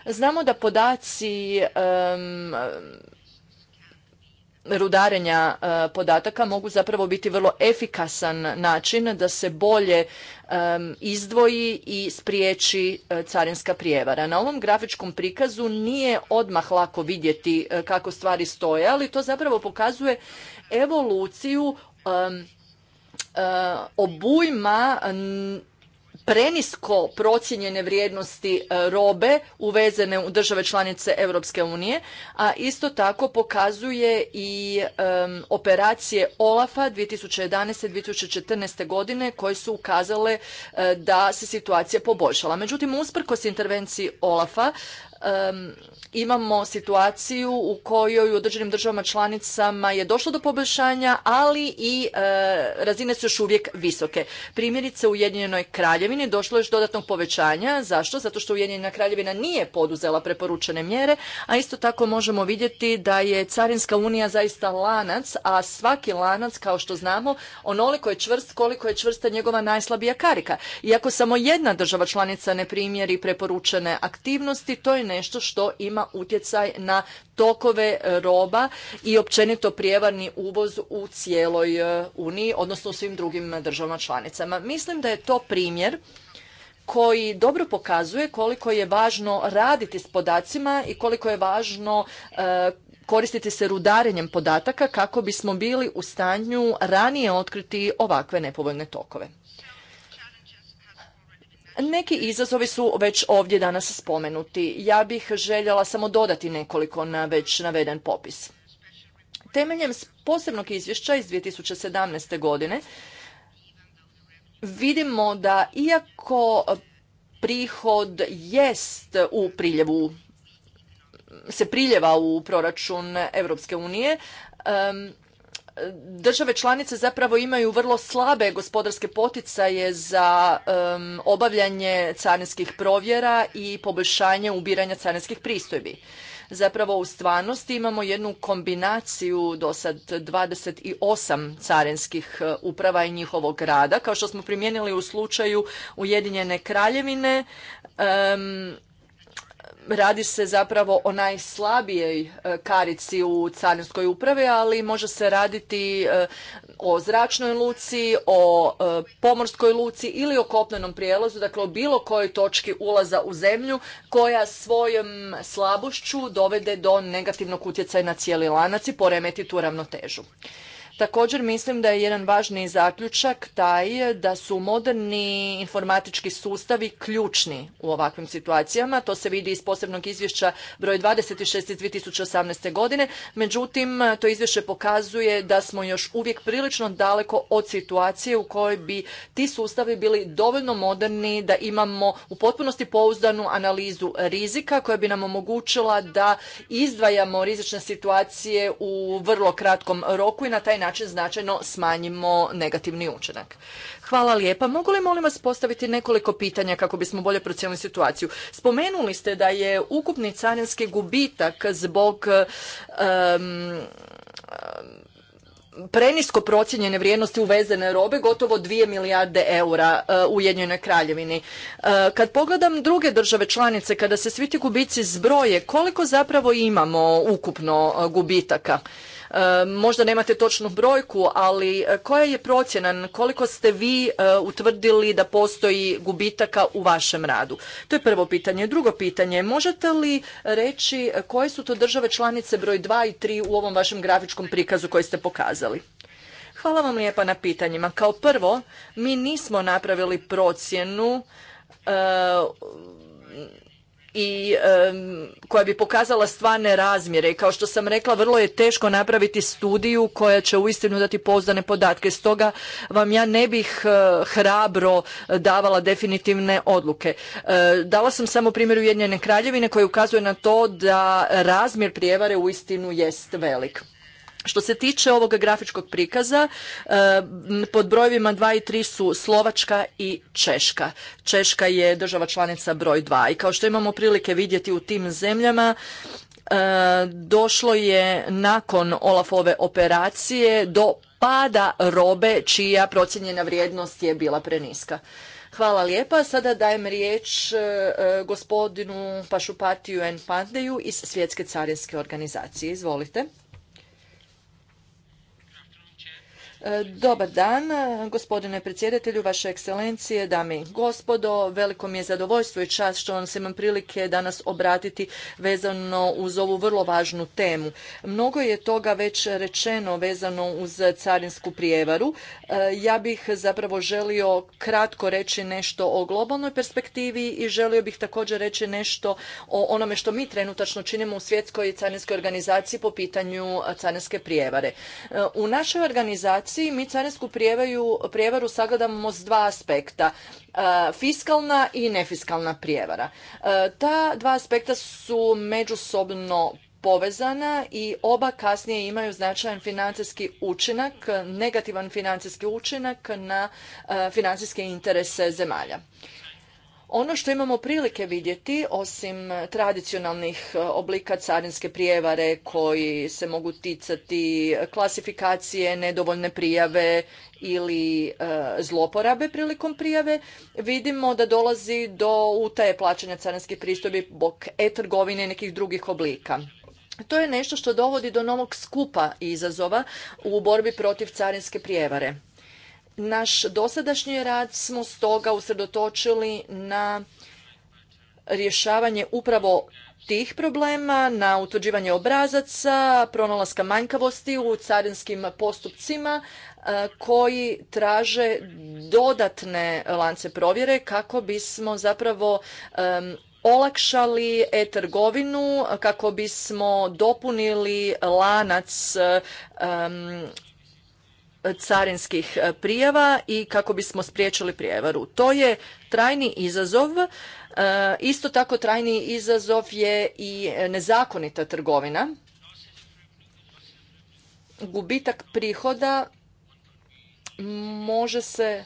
Znamo da podaci rudarenja e, podataka mogu zapravo biti vrlo efikasan način da se bolje e, izdvoji i spriječi e, carinska prijevara. Na ovom grafičkom prikazu nije odmah lako vidjeti kako stvari stoje, ali to zapravo pokazuje evoluciju obujma prenisko procijenjene vrijednosti e, robe uvezene u države članice Europske unije, a isto tako pokazuje i operacije OLAF-a 2011. 2014. godine koje su ukazale e, da se situacija poboljšala. Međutim, usprkos intervenciji Olafa, imamo situaciju u kojoj u određenim državama članicama je došlo do poboljšanja, ali i e, razine su još uvijek visoke. Primjerice u Ujedinjenoj Kraljevini došlo je još dodatnog povećanja. Zašto? Zato što Ujedinjena Kraljevina nije poduzela preporučene mjere, a isto tako možemo vidjeti da je Carinska unija zaista lanac, a svaki lanac, kao što znamo, onoliko je čvrst koliko je čvrsta njegova najslabija karika. Iako samo jedna država članica ne primjeri preporučene aktivnosti, to je nešto što ima utjecaj na tokove e, roba i općenito prijevarni uvoz u cijeloj e, Uniji, odnosno u svim drugim državama članicama. Mislim da je to primjer koji dobro pokazuje koliko je važno raditi s podacima i koliko je važno e, koristiti se rudarenjem podataka kako bismo bili u stanju ranije otkriti ovakve nepovoljne tokove. Neki izazovi su već ovdje danas spomenuti. Ja bih željela samo dodati nekoliko na već naveden popis. Temeljem posebnog izvješća iz 2017. godine vidimo da iako prihod jest u priljevu se priljeva u proračun Europske unije, države članice zapravo imaju vrlo slabe gospodarske poticaje za obavljanje carinskih provjera i poboljšanje ubiranja carinskih pristojbi. Zapravo u stvarnosti imamo jednu kombinaciju do sad 28 carinskih e, uprava i njihovog rada, kao što smo primijenili u slučaju Ujedinjene kraljevine, Radi se zapravo o najslabijoj e, karici u carinskoj upravi, ali može se raditi e, o zračnoj luci, o e, pomorskoj luci ili o kopnenom prijelazu, dakle o bilo kojoj točki ulaza u zemlju koja svojom slabošću dovede do negativnog utjecaja na cijeli lanac i poremeti tu ravnotežu. Također mislim da je jedan važni zaključak taj da su moderni informatički sustavi ključni u ovakvim situacijama. To se vidi iz posebnog izvješća broj 26 iz 2018. godine. Međutim, to izvješće pokazuje da smo još uvijek prilično daleko od situacije u kojoj bi ti sustavi bili dovoljno moderni da imamo u potpunosti pouzdanu analizu rizika koja bi nam omogućila da izdvajamo rizične situacije u vrlo kratkom roku i na taj način način značajno smanjimo negativni učinak. Hvala lijepa. Mogu li molim vas postaviti nekoliko pitanja kako bismo bolje procijenili situaciju? Spomenuli ste da je ukupni carinski gubitak zbog prenisko procijenjene vrijednosti uvezene robe gotovo 2 milijarde eura e, u Ujedinjenoj kraljevini. E, kad pogledam druge države članice, kada se svi ti gubici zbroje, koliko zapravo imamo ukupno e, gubitaka? E, možda nemate točnu brojku, ali e, koja je procjena, koliko ste vi e, utvrdili da postoji gubitaka u vašem radu? To je prvo pitanje. Drugo pitanje, možete li reći koje su to države članice broj 2 i 3 u ovom vašem grafičkom prikazu koji ste pokazali? Hvala vam lijepa na pitanjima. Kao prvo, mi nismo napravili procjenu i koja bi pokazala stvarne razmjere i kao što sam rekla vrlo je teško napraviti studiju koja će uistinu dati pouzdane podatke stoga vam ja ne bih eh, hrabro davala definitivne odluke eh, dala sam samo primjer ujedinjene kraljevine koji ukazuje na to da razmjer prijevare uistinu jest velik što se tiče ovog grafičkog prikaza, e, pod brojevima 2 i 3 su Slovačka i Češka. Češka je država članica broj 2 i kao što imamo prilike vidjeti u tim zemljama, e, došlo je nakon Olafove operacije do pada robe čija procjenjena vrijednost je bila preniska. Hvala lijepa. Sada dajem riječ e, gospodinu Pašupatiju N. Pandeju iz Svjetske carinske organizacije. Izvolite. E, dobar dan, gospodine predsjedatelju, vaše ekscelencije, dame i gospodo. Veliko mi je zadovoljstvo i čast što vam se imam prilike danas obratiti vezano uz ovu vrlo važnu temu. Mnogo je toga već rečeno vezano uz carinsku prijevaru. E, ja bih zapravo želio kratko reći nešto o globalnoj perspektivi i želio bih također reći nešto o onome što mi trenutačno činimo u svjetskoj carinskoj organizaciji po pitanju carinske prijevare. E, u našoj organizaciji mi carinsku prijevaru sagledamo s dva aspekta, e, fiskalna i nefiskalna prijevara. E, ta dva aspekta su međusobno povezana i oba kasnije imaju značajan financijski učinak, negativan financijski učinak na e, financijske interese zemalja. Ono što imamo prilike vidjeti, osim tradicionalnih e, oblika carinske prijevare koji se mogu ticati klasifikacije, nedovoljne prijave ili e, zloporabe prilikom prijave, vidimo da dolazi do utaje plaćanja carinskih pristojbi bok e-trgovine i nekih drugih oblika. To je nešto što dovodi do novog skupa izazova u borbi protiv carinske prijevare. Naš dosadašnji rad smo stoga usredotočili na rješavanje upravo tih problema, na utvrđivanje obrazaca, pronalaska manjkavosti u carinskim postupcima e, koji traže dodatne lance provjere kako bismo zapravo olakšali e-trgovinu kako bismo dopunili lanac carinskih e, prijava i kako bismo spriječili prijevaru. To je trajni izazov. E, isto tako trajni izazov je i nezakonita trgovina. Gubitak prihoda može se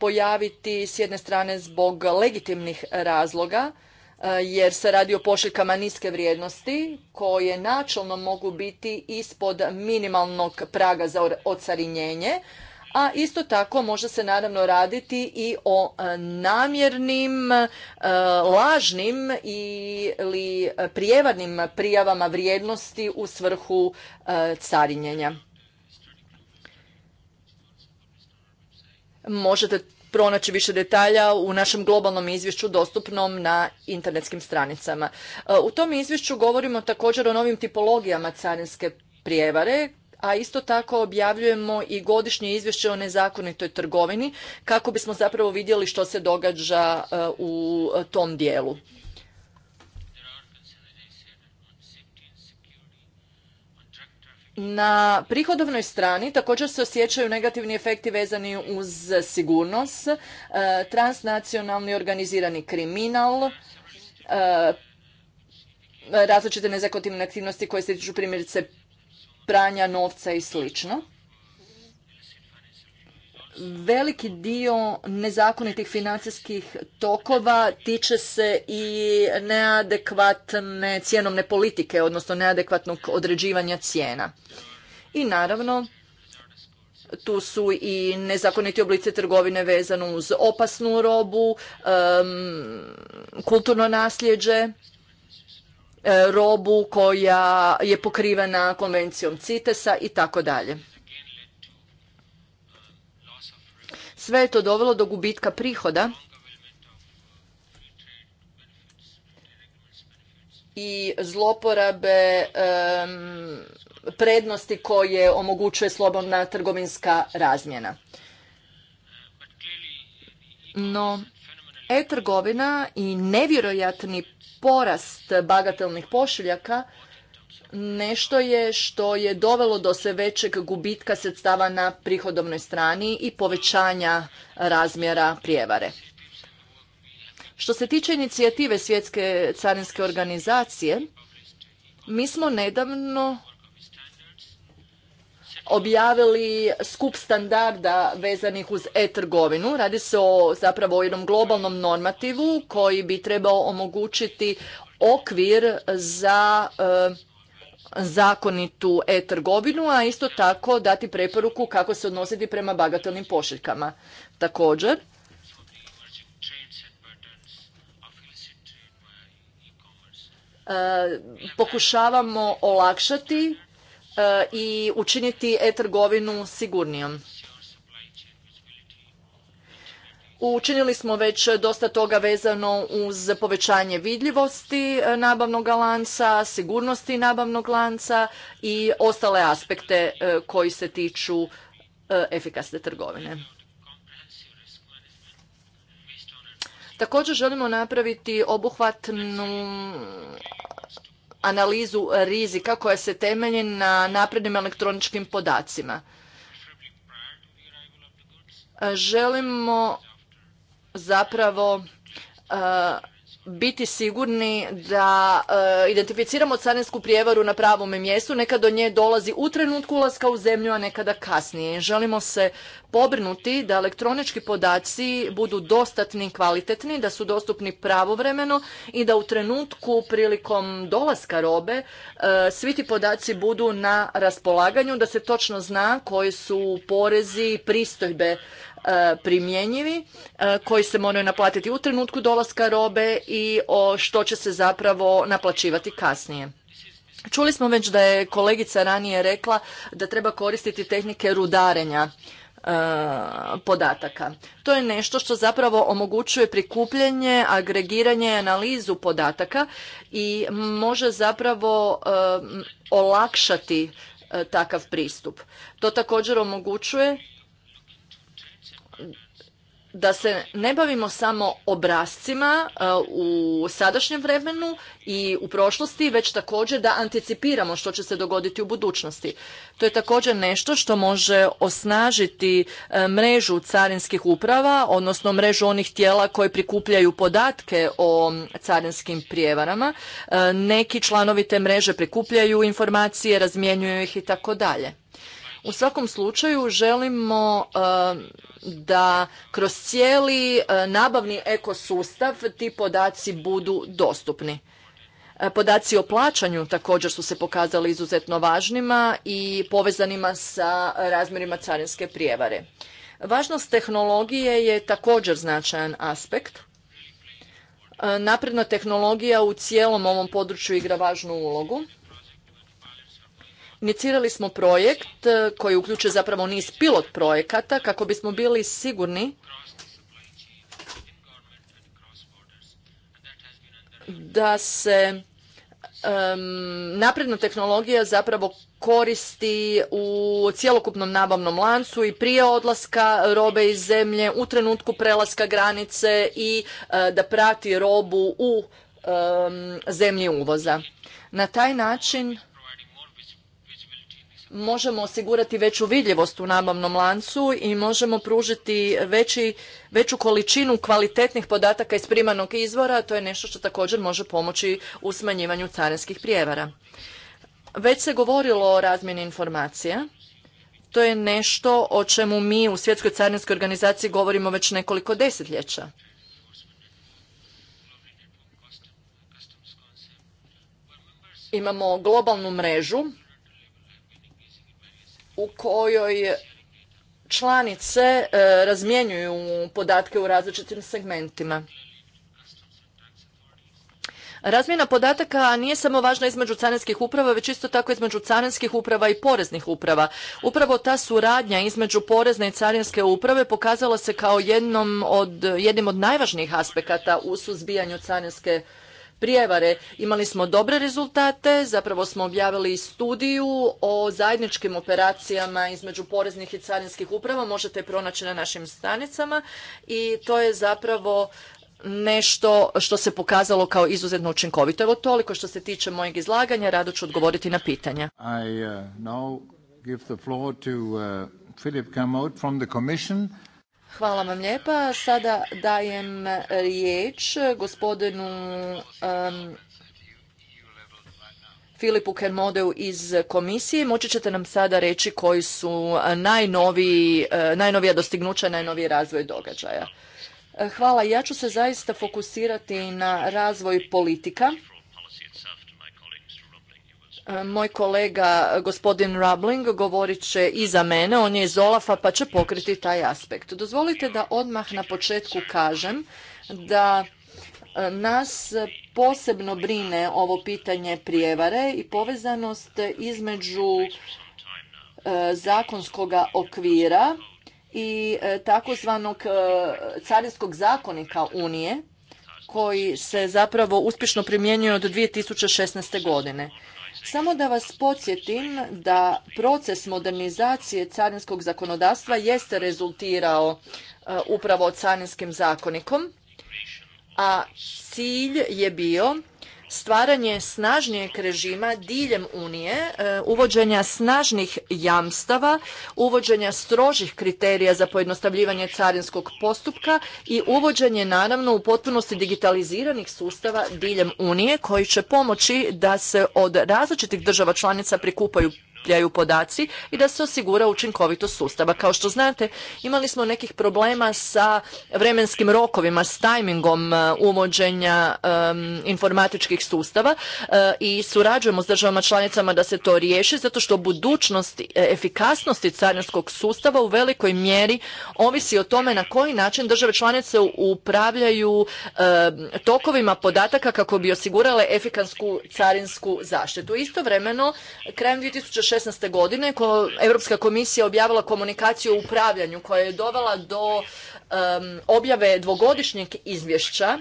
pojaviti s jedne strane zbog legitimnih razloga, E, jer se radi o pošiljkama niske vrijednosti koje načelno mogu biti ispod minimalnog praga za ocarinjenje, a isto tako može se naravno raditi i o e, namjernim, e, lažnim ili prijevarnim prijavama vrijednosti u svrhu carinjenja. Možete pronaći više detalja u našem globalnom izvješću dostupnom na internetskim stranicama. E, u tom izvješću govorimo također o novim tipologijama carinske prijevare a isto tako objavljujemo i godišnje izvješće o nezakonitoj trgovini kako bismo zapravo vidjeli što se događa e, u tom dijelu. Na prihodovnoj strani također se osjećaju negativni efekti vezani uz sigurnost, e, transnacionalni organizirani kriminal, e, različite nezakotivne aktivnosti koje se tiču primjerice pranja novca i slično veliki dio nezakonitih financijskih tokova tiče se i neadekvatne cjenovne politike, odnosno neadekvatnog određivanja cijena. I naravno, tu su i nezakoniti oblici trgovine vezano uz opasnu robu, kulturno nasljeđe, e, robu koja je pokrivena konvencijom cites i tako dalje. Sve je to dovelo do gubitka prihoda i zloporabe prednosti koje omogućuje slobodna trgovinska razmjena. No, e-trgovina i nevjerojatni porast bagatelnih pošiljaka nešto je što je dovelo do sve većeg gubitka sredstava na prihodovnoj strani i povećanja razmjera prijevare. Što se tiče inicijative Svjetske carinske organizacije, mi smo nedavno objavili skup standarda vezanih uz e-trgovinu. Radi se o zapravo o jednom globalnom normativu koji bi trebao omogućiti okvir za e, zakonitu e-trgovinu, a isto tako dati preporuku kako se odnositi prema bagatelnim pošiljkama. Također, e, pokušavamo olakšati e, i učiniti e-trgovinu sigurnijom. Učinili smo već dosta toga vezano uz povećanje vidljivosti e, nabavnog lanca, sigurnosti nabavnog lanca i ostale aspekte e, koji se tiču e, efikasne trgovine. Također želimo napraviti obuhvatnu analizu rizika koja se temelji na naprednim elektroničkim podacima. Želimo zapravo e, biti sigurni da e, identificiramo carinsku prijevaru na pravom mjestu, nekad do nje dolazi u trenutku ulaska u zemlju, a nekada kasnije. Želimo se pobrinuti da elektronički podaci budu dostatni i kvalitetni, da su dostupni pravovremeno i da u trenutku prilikom dolaska robe e, svi ti podaci budu na raspolaganju, da se točno zna koji su porezi i pristojbe E, primjenjivi, e, koji se moraju naplatiti u trenutku dolaska robe i o što će se zapravo naplaćivati kasnije. Čuli smo već da je kolegica ranije rekla da treba koristiti tehnike rudarenja e, podataka. To je nešto što zapravo omogućuje prikupljanje, agregiranje i analizu podataka i može zapravo olakšati takav pristup. To također omogućuje da se ne bavimo samo obrazcima e, u sadašnjem vremenu i u prošlosti, već također da anticipiramo što će se dogoditi u budućnosti. To je također nešto što može osnažiti e, mrežu carinskih uprava, odnosno mrežu onih tijela koje prikupljaju podatke o carinskim prijevarama. E, neki članovi te mreže prikupljaju informacije, razmjenjuju ih i tako dalje. U svakom slučaju želimo da kroz cijeli e, nabavni ekosustav ti podaci budu dostupni. E, podaci o plaćanju također su se pokazali izuzetno važnima i povezanima sa razmjerima carinske prijevare. Važnost tehnologije je također značajan aspekt. E, napredna tehnologija u cijelom ovom području igra važnu ulogu Inicirali smo projekt e, koji uključuje zapravo niz pilot projekata kako bismo bili sigurni da se napredna tehnologija zapravo koristi u cjelokupnom nabavnom lancu i prije odlaska robe iz zemlje, u trenutku prelaska granice i e, da prati robu u zemlji uvoza. Na taj način možemo osigurati veću vidljivost u nabavnom lancu i možemo pružiti veći, veću količinu kvalitetnih podataka iz primarnog izvora, to je nešto što također može pomoći u smanjivanju carinskih prijevara. Već se govorilo o razmjeni informacija. To je nešto o čemu mi u Svjetskoj carinskoj organizaciji govorimo već nekoliko desetljeća. Imamo globalnu mrežu u kojoj članice e, razmjenjuju podatke u različitim segmentima. Razmjena podataka nije samo važna između carinskih uprava, već isto tako između carinskih uprava i poreznih uprava. Upravo ta suradnja između porezne i carinske uprave pokazala se kao jednom od, jednim od najvažnijih aspekata u suzbijanju carinske prijevare. Imali smo dobre rezultate, zapravo smo objavili studiju o zajedničkim operacijama između poreznih i carinskih uprava, možete pronaći na našim stranicama i to je zapravo nešto što se pokazalo kao izuzetno učinkovito. Evo toliko što se tiče mojeg izlaganja, rado ću odgovoriti na pitanja. Hvala vam lijepa. Sada dajem riječ gospodinu Filipu Kermodeu iz komisije. Moći ćete nam sada reći koji su najnovi, eh, najnovija dostignuća, najnoviji razvoj događaja. Eh, hvala. Ja ću se zaista fokusirati na razvoj politika E, moj kolega e, gospodin Rabling govorit će iza mene, on je iz Olafa pa će pokriti taj aspekt. Dozvolite da odmah na početku kažem da e, nas posebno brine ovo pitanje prijevare i povezanost između zakonskoga okvira i takozvanog carinskog zakonika Unije koji se zapravo uspješno primjenjuje od 2016. godine. Samo da vas podsjetim da proces modernizacije carinskog zakonodavstva jeste rezultirao e, upravo carinskim zakonikom, a cilj je bio stvaranje snažnijeg režima diljem Unije, e, uvođenja snažnih jamstava, uvođenja strožih kriterija za pojednostavljivanje carinskog postupka i uvođenje naravno u potpunosti digitaliziranih sustava diljem Unije koji će pomoći da se od različitih država članica prikupaju prikupljaju podaci i da se osigura učinkovitost sustava. Kao što znate, imali smo nekih problema sa vremenskim rokovima, s tajmingom uh, uvođenja um, informatičkih sustava uh, i surađujemo s državama članicama da se to riješi, zato što budućnost e, efikasnosti carinskog sustava u velikoj mjeri ovisi o tome na koji način države članice upravljaju um, tokovima podataka kako bi osigurale efikansku carinsku zaštitu. Istovremeno, krajem 2016 2016. godine ko, Europska komisija objavila komunikaciju o upravljanju koja je dovela do objave dvogodišnjeg izvješća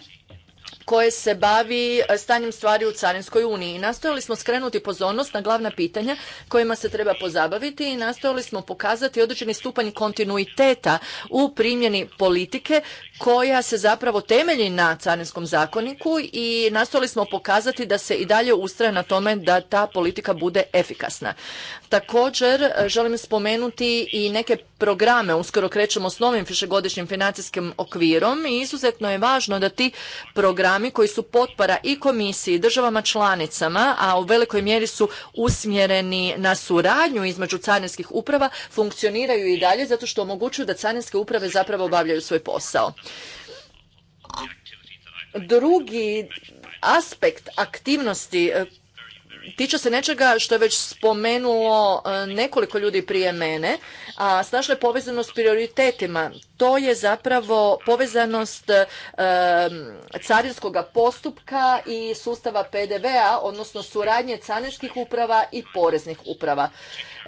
koje se bavi e, stanjem stvari u Carinskoj uniji. Nastojali smo skrenuti pozornost na glavna pitanja kojima se treba pozabaviti i nastojali smo pokazati određeni stupanj kontinuiteta u primjeni politike koja se zapravo temelji na Carinskom zakoniku i nastojali smo pokazati da se i dalje ustraje na tome da ta politika bude efikasna. Također e, želim spomenuti i neke programe, uskoro krećemo s novim višegodišnjim financijskim okvirom i izuzetno je važno da ti programi programi koji su potpora i komisiji i državama članicama, a u velikoj mjeri su usmjereni na suradnju između carinskih uprava, funkcioniraju i dalje zato što omogućuju da carinske uprave zapravo obavljaju svoj posao. Drugi aspekt aktivnosti e, tiče se nečega što je već spomenulo e, nekoliko ljudi prije mene, a snažna povezanost prioritetima. To je zapravo povezanost e, carinskoga postupka i sustava PDV-a, odnosno suradnje carinskih uprava i poreznih uprava.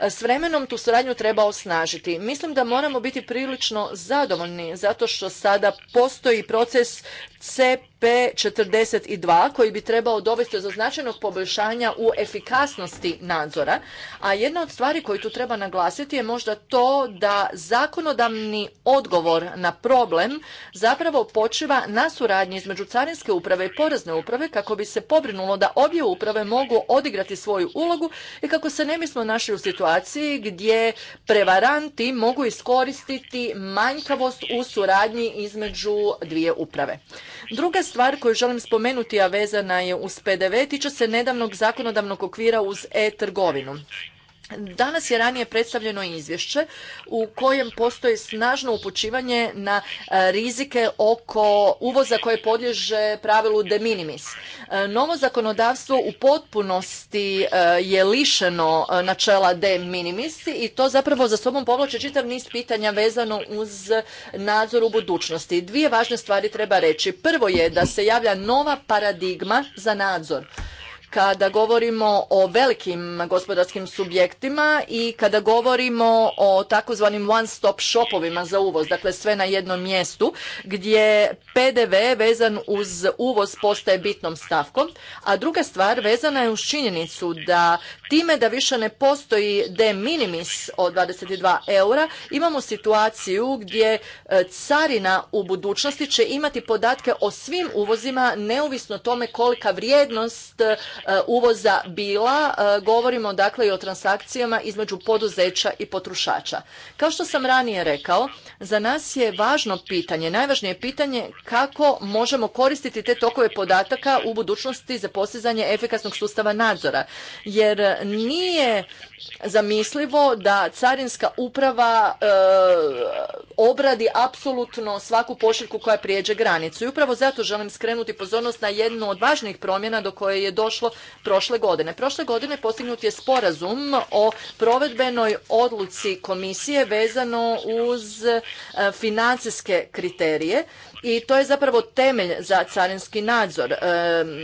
E, s vremenom tu suradnju treba osnažiti. Mislim da moramo biti prilično zadovoljni zato što sada postoji proces CP42 koji bi trebao dovesti do značajnog poboljšanja u efikasnosti nadzora, a jedna od stvari koju tu treba naglasiti je možda to da zakonodavni odgovor na problem zapravo počiva na suradnji između carinske uprave i porezne uprave kako bi se pobrinulo da obje uprave mogu odigrati svoju ulogu i kako se ne bismo našli u situaciji gdje prevaranti mogu iskoristiti manjkavost u suradnji između dvije uprave. Druga stvar koju želim spomenuti, a vezana je uz PDV, tiče se nedavnog zakonodavnog okvira uz e-trgovinu. Danas je ranije predstavljeno izvješće u kojem postoji snažno upućivanje na e, rizike oko uvoza koje podliježe pravilu de minimis. E, novo zakonodavstvo u potpunosti e, je lišeno načela de minimis i to zapravo za sobom povlače čitav niz pitanja vezano uz nadzor u budućnosti. Dvije važne stvari treba reći. Prvo je da se javlja nova paradigma za nadzor kada govorimo o velikim gospodarskim subjektima i kada govorimo o takozvanim one-stop shopovima za uvoz, dakle sve na jednom mjestu, gdje PDV vezan uz uvoz postaje bitnom stavkom, a druga stvar vezana je uz činjenicu da Time da više ne postoji de minimis od 22 eura, imamo situaciju gdje e, carina u budućnosti će imati podatke o svim uvozima, neovisno tome kolika vrijednost e, uvoza bila. E, govorimo dakle i o transakcijama između poduzeća i potrošača. Kao što sam ranije rekao, za nas je važno pitanje, najvažnije pitanje kako možemo koristiti te tokove podataka u budućnosti za postizanje efikasnog sustava nadzora. Jer nije zamislivo da carinska uprava e, obradi apsolutno svaku pošiljku koja prijeđe granicu. I upravo zato želim skrenuti pozornost na jednu od važnijih promjena do koje je došlo prošle godine. Prošle godine postignut je sporazum o provedbenoj odluci komisije vezano uz e, financijske kriterije i to je zapravo temelj za carinski nadzor. E,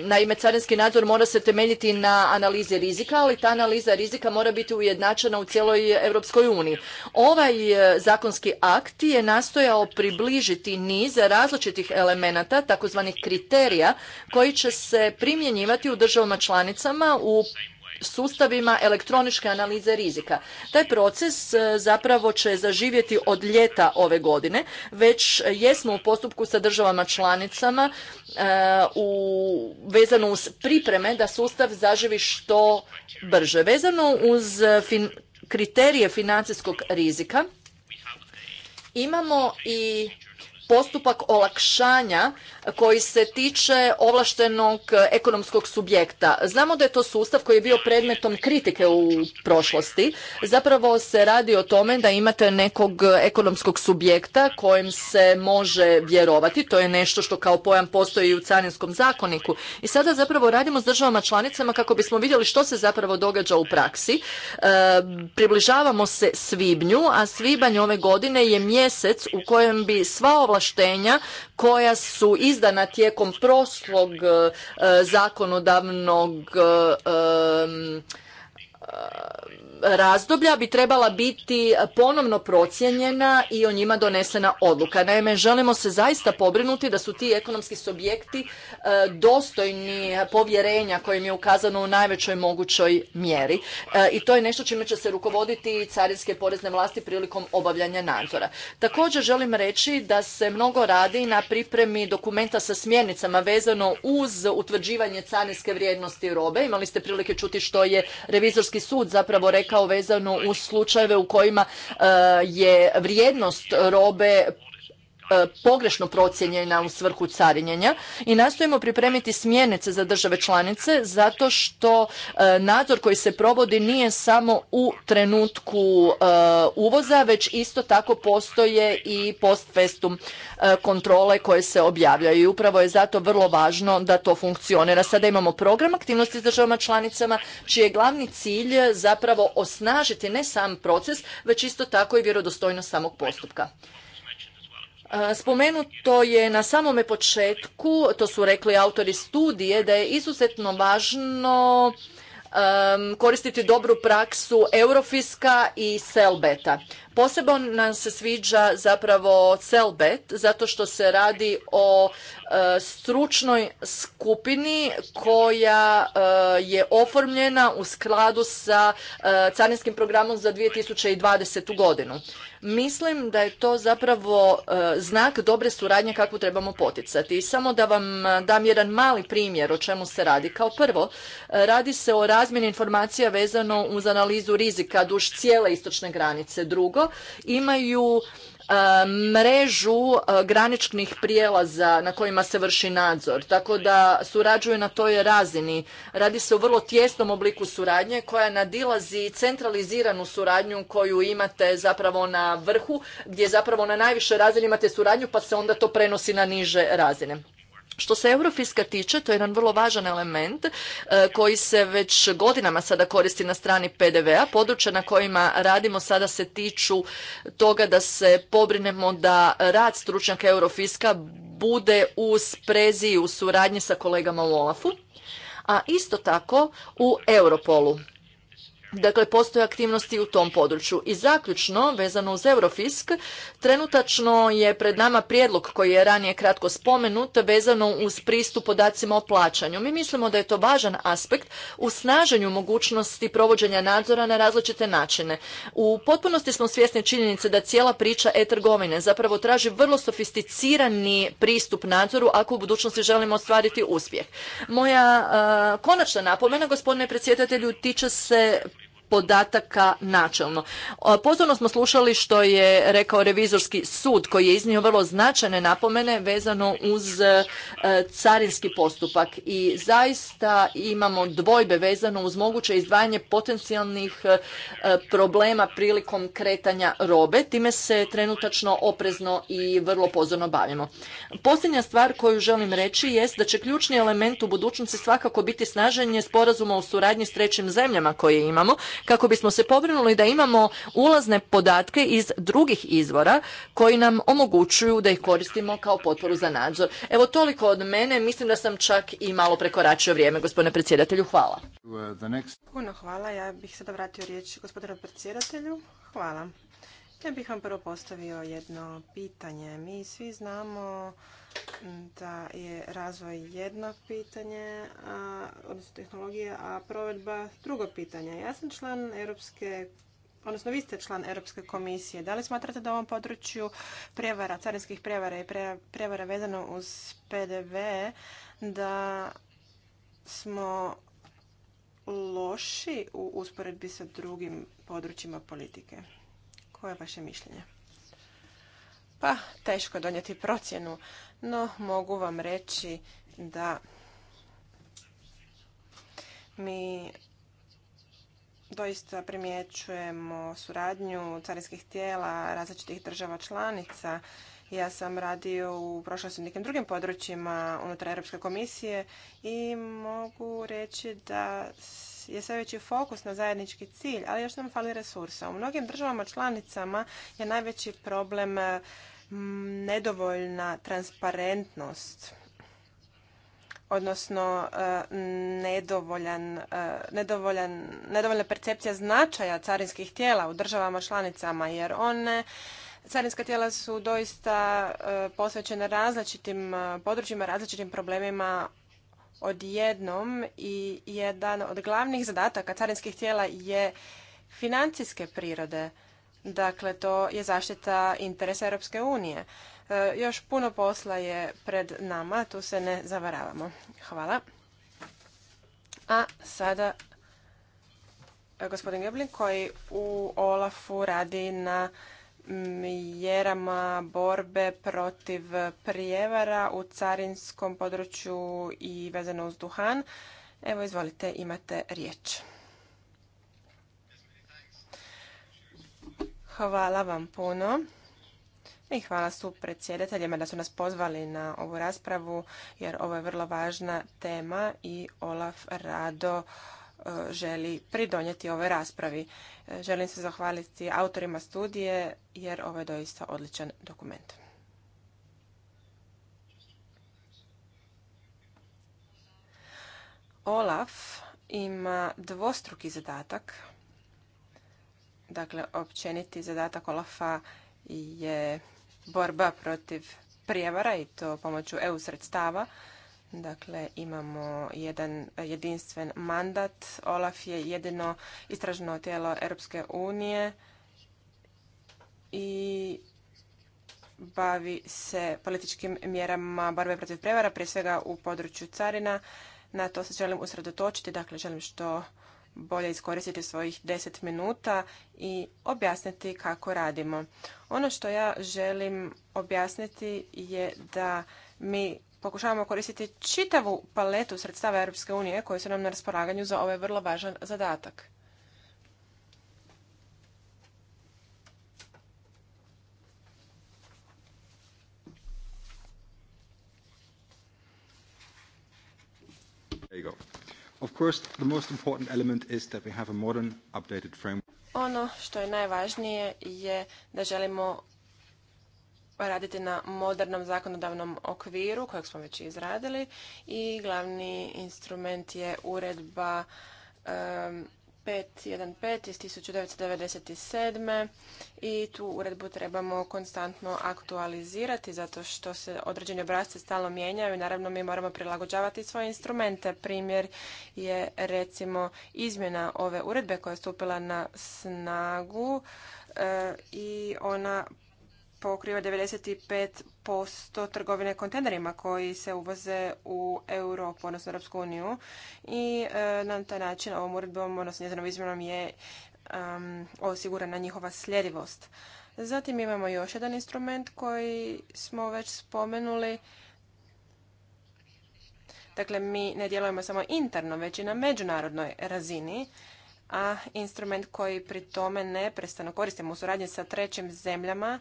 naime, carinski nadzor mora se temeljiti na analizi rizika, ali ta analiza rizika mora biti biti ujednačena u cijeloj Europskoj uniji. Ovaj e, zakonski akt je nastojao približiti niz različitih elemenata, takozvanih kriterija, koji će se primjenjivati u državama članicama u sustavima elektroničke analize rizika. Taj proces e, zapravo će zaživjeti od ljeta ove godine. Već jesmo u postupku sa državama članicama e, u, vezano uz pripreme da sustav zaživi što brže. Vezano uz kriterije financijskog rizika imamo i postupak olakšanja koji se tiče ovlaštenog ekonomskog subjekta. Znamo da je to sustav koji je bio predmetom kritike u prošlosti. Zapravo se radi o tome da imate nekog ekonomskog subjekta kojem se može vjerovati. To je nešto što kao pojam postoji i u carinskom zakoniku. I sada zapravo radimo s državama članicama kako bismo vidjeli što se zapravo događa u praksi. E, približavamo se svibnju, a svibanj ove godine je mjesec u kojem bi sva ovlaštenja ovlaštenja koja su izdana tijekom prošlog e, zakonodavnog e, razdoblja bi trebala biti ponovno procijenjena i o njima donesena odluka. Naime, želimo se zaista pobrinuti da su ti ekonomski subjekti e, dostojni povjerenja kojim je ukazano u najvećoj mogućoj mjeri. E, I to je nešto čime će se rukovoditi carinske porezne vlasti prilikom obavljanja nadzora. Također želim reći da se mnogo radi na pripremi dokumenta sa smjernicama vezano uz utvrđivanje carinske vrijednosti robe. Imali ste prilike čuti što je revizorski sud zapravo upravo rekao vezano uz slučajeve u kojima e, je vrijednost robe E, pogrešno procijenjena u svrhu carinjenja i nastojimo pripremiti smjernice za države članice zato što e, nadzor koji se provodi nije samo u trenutku e, uvoza, već isto tako postoje i post festum kontrole koje se objavljaju i upravo je zato vrlo važno da to funkcionira. Sada imamo program aktivnosti s državama članicama čiji je glavni cilj zapravo osnažiti ne sam proces, već isto tako i vjerodostojnost samog postupka. E, spomenuto je na samome početku, to su rekli autori studije, da je izuzetno važno koristiti dobru praksu Eurofiska i Selbeta. Posebno nam se sviđa zapravo Selbet zato što se radi o e, stručnoj skupini koja e, je oformljena u skladu sa carinskim programom za 2020. godinu. Mislim da je to zapravo e, znak dobre suradnje kakvu trebamo poticati. I samo da vam e, dam jedan mali primjer o čemu se radi. Kao prvo, e, radi se o razmjeni informacija vezano uz analizu rizika duž cijele istočne granice. Drugo, imaju E, mrežu e, graničnih prijelaza na kojima se vrši nadzor, tako da surađuje na toj razini. Radi se o vrlo tjesnom obliku suradnje koja nadilazi centraliziranu suradnju koju imate zapravo na vrhu, gdje zapravo na najviše razine imate suradnju pa se onda to prenosi na niže razine. Što se Eurofiska tiče, to je jedan vrlo važan element e, koji se već godinama sada koristi na strani PDV-a. Područja na kojima radimo sada se tiču toga da se pobrinemo da rad stručnjaka Eurofiska bude u sprezi i u suradnji sa kolegama u Olafu, a isto tako u Europolu. Dakle, postoje aktivnosti u tom području. I zaključno, vezano uz Eurofisk, trenutačno je pred nama prijedlog koji je ranije kratko spomenut vezano uz pristup podacima o plaćanju. Mi mislimo da je to važan aspekt u snaženju mogućnosti provođenja nadzora na različite načine. U potpunosti smo svjesni činjenice da cijela priča e-trgovine zapravo traži vrlo sofisticirani pristup nadzoru ako u budućnosti želimo ostvariti uspjeh. Moja konačna napomena, gospodine predsjedatelju, tiče se podataka načelno. Pozorno smo slušali što je rekao revizorski sud koji je iznio vrlo značajne napomene vezano uz e, carinski postupak i zaista imamo dvojbe vezano uz moguće izdvajanje potencijalnih e, problema prilikom kretanja robe. Time se trenutačno oprezno i vrlo pozorno bavimo. Posljednja stvar koju želim reći jest da će ključni element u budućnosti svakako biti snaženje sporazuma o suradnji s trećim zemljama koje imamo kako bismo se pobrinuli da imamo ulazne podatke iz drugih izvora koji nam omogućuju da ih koristimo kao potporu za nadzor. Evo toliko od mene, mislim da sam čak i malo prekoračio vrijeme, gospodine predsjedatelju, hvala. Puno hvala, ja bih sada vratio riječ gospodinu predsjedatelju, hvala. Ja bih vam prvo postavio jedno pitanje. Mi svi znamo da je razvoj jedno pitanje, odnosno tehnologija, a provedba drugo pitanje. Ja sam član Europske odnosno vi ste član Europske komisije. Da li smatrate da u ovom području prevara, carinskih prevara i prevara vezano uz PDV, da smo loši u usporedbi sa drugim područjima politike? Koje je vaše mišljenje? pa teško je donijeti procjenu, no mogu vam reći da mi doista primjećujemo suradnju carinskih tijela različitih država članica. Ja sam radio u prošlosti u nekim drugim područjima unutar Europske komisije i mogu reći da je sve veći fokus na zajednički cilj, ali još nam fali resursa. U mnogim državama članicama je najveći problem eh, nedovoljna transparentnost odnosno eh, nedovoljan, eh, nedovoljan, nedovoljna percepcija značaja carinskih tijela u državama članicama, jer one Carinska tijela su doista posvećena različitim područjima, različitim problemima odjednom i jedan od glavnih zadataka carinskih tijela je financijske prirode. Dakle, to je zaštita interesa Europske unije. E, još puno posla je pred nama, tu se ne zavaravamo. Hvala. A sada e, gospodin Geblin koji u Olafu radi na mjerama borbe protiv prijevara u carinskom području i vezano uz duhan. Evo, izvolite, imate riječ. Hvala vam puno. I hvala su predsjedateljima da su nas pozvali na ovu raspravu, jer ovo je vrlo važna tema i Olaf rado E, želi pridonijeti ovoj raspravi. E, želim se zahvaliti autorima studije jer ovo je doista odličan dokument. Olaf ima dvostruki zadatak. Dakle, općeniti zadatak Olafa je borba protiv prijevara i to pomoću EU sredstava. Dakle, imamo jedan jedinstven mandat. Olaf je jedino istražno tijelo Europske unije i bavi se političkim mjerama borbe protiv prevara, prije svega u području carina. Na to se želim usredotočiti, dakle želim što bolje iskoristiti svojih deset minuta i objasniti kako radimo. Ono što ja želim objasniti je da mi pokušavamo koristiti čitavu paletu sredstava Europske unije koje su nam na raspolaganju za ovaj vrlo važan zadatak. Ono što je najvažnije je da želimo raditi na modernom zakonodavnom okviru kojeg smo već izradili i glavni instrument je uredba 515 iz 1997. i tu uredbu trebamo konstantno aktualizirati zato što se određeni obrazce stalno mijenjaju i naravno mi moramo prilagođavati svoje instrumente. Primjer je recimo izmjena ove uredbe koja je stupila na snagu eh, i ona pokriva 95% trgovine kontenerima koji se uvoze u Europu, odnosno Europsku uniju. I e, na taj način ovom uredbom, odnosno njezinom izmjenom je osigurana njihova sljedivost. Zatim imamo još jedan instrument koji smo već spomenuli. Dakle, mi ne djelujemo samo interno, već i na međunarodnoj razini a instrument koji pri tome neprestano koristimo u suradnji sa trećim zemljama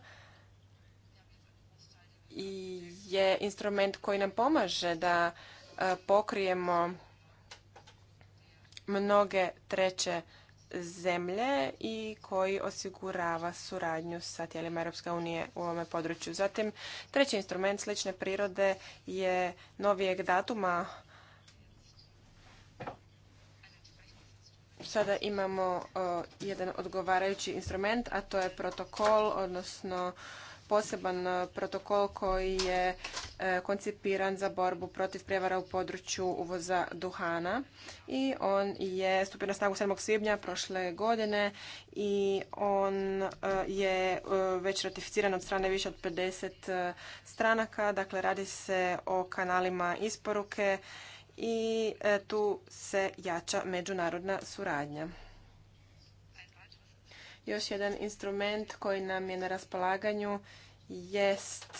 je instrument koji nam pomaže da e, pokrijemo mnoge treće zemlje i koji osigurava suradnju sa tijelima Europske unije u ovome području. Zatim, treći instrument slične prirode je novijeg datuma. Sada imamo e, jedan odgovarajući instrument, a to je protokol, odnosno poseban e, protokol koji je e, koncipiran za borbu protiv prevara u području uvoza duhana i on je stupio na snagu 7. svibnja prošle godine i on e, je već ratificiran od strane više od 50 stranaka. Dakle, radi se o kanalima isporuke i tu se jača međunarodna suradnja. Još jedan instrument koji nam je na raspolaganju jest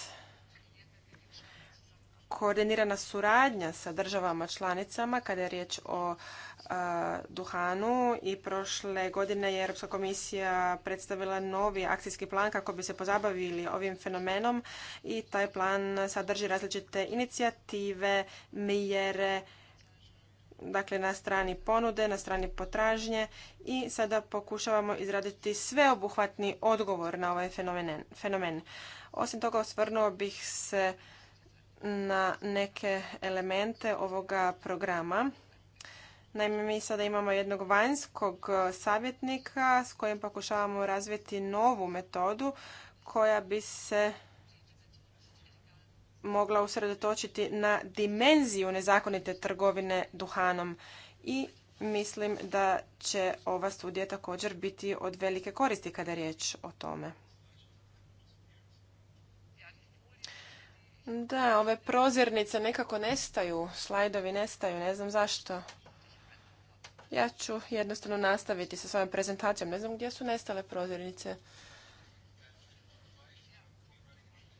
koordinirana suradnja sa državama članicama kada je riječ o duhanu i prošle godine je Europska komisija predstavila novi akcijski plan kako bi se pozabavili ovim fenomenom i taj plan sadrži različite inicijative, mjere, dakle na strani ponude, na strani potražnje i sada pokušavamo izraditi sveobuhvatni odgovor na ovaj fenomen. Osim toga osvrnuo bih se na neke elemente ovoga programa. Naime, mi sada imamo jednog vanjskog savjetnika s kojim pokušavamo razviti novu metodu koja bi se mogla usredotočiti na dimenziju nezakonite trgovine duhanom i mislim da će ova studija također biti od velike koristi kada je riječ o tome. Da, ove prozirnice nekako nestaju, slajdovi nestaju, ne znam zašto. Ja ću jednostavno nastaviti sa svojom prezentacijom. Ne znam gdje su nestale prozirnice.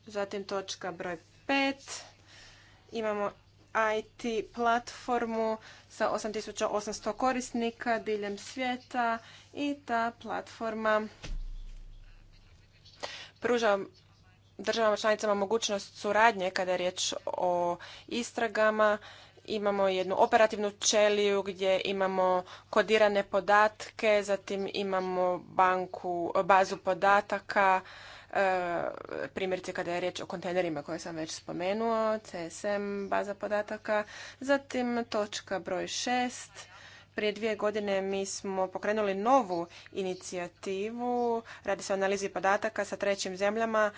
Zatim točka broj 5. Imamo IT platformu sa 8800 korisnika diljem svijeta i ta platforma pruža državama članicama mogućnost suradnje kada je riječ o istragama. Imamo jednu operativnu čeliju gdje imamo kodirane podatke, zatim imamo banku, bazu podataka, E, primjerice kada je riječ o kontejnerima koje sam već spomenuo, CSM baza podataka, zatim točka broj šest. prije dvije godine mi smo pokrenuli novu inicijativu, radi se o analizi podataka sa trećim zemljama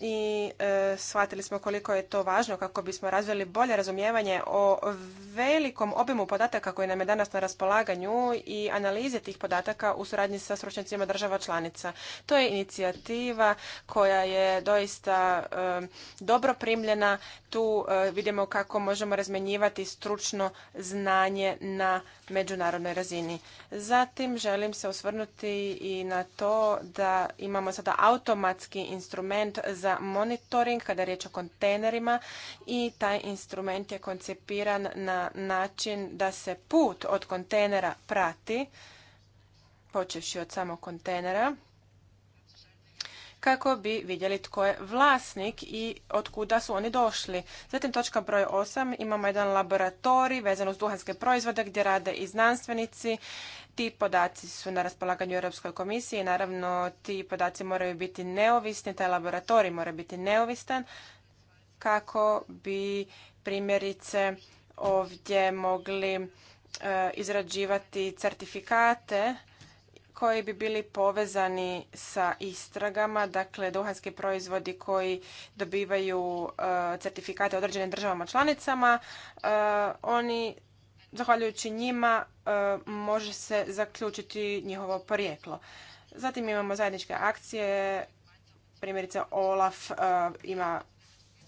i e, shvatili smo koliko je to važno kako bismo razvili bolje razumijevanje o velikom obimu podataka koji nam je danas na raspolaganju i analize tih podataka u suradnji sa stručnjacima država članica. To je inicijativa koja je doista e, dobro primljena. Tu e, vidimo kako možemo razmjenjivati stručno znanje na međunarodnoj razini. Zatim želim se osvrnuti i na to da imamo sada automatski instrument za monitoring kada je riječ o kontejnerima i taj instrument je koncipiran na način da se put od kontejnera prati, počevši od samog kontejnera kako bi vidjeli tko je vlasnik i od kuda su oni došli. Zatim točka broj 8 imamo jedan laboratorij vezan uz duhanske proizvode gdje rade i znanstvenici. Ti podaci su na raspolaganju Europskoj komisiji i naravno ti podaci moraju biti neovisni, taj laboratorij mora biti neovistan kako bi primjerice ovdje mogli e, izrađivati certifikate koji bi bili povezani sa istragama, dakle duhanski proizvodi koji dobivaju e, certifikate određenim državama članicama, e, oni zahvaljujući njima e, može se zaključiti njihovo porijeklo. Zatim imamo zajedničke akcije, primjerice Olaf ima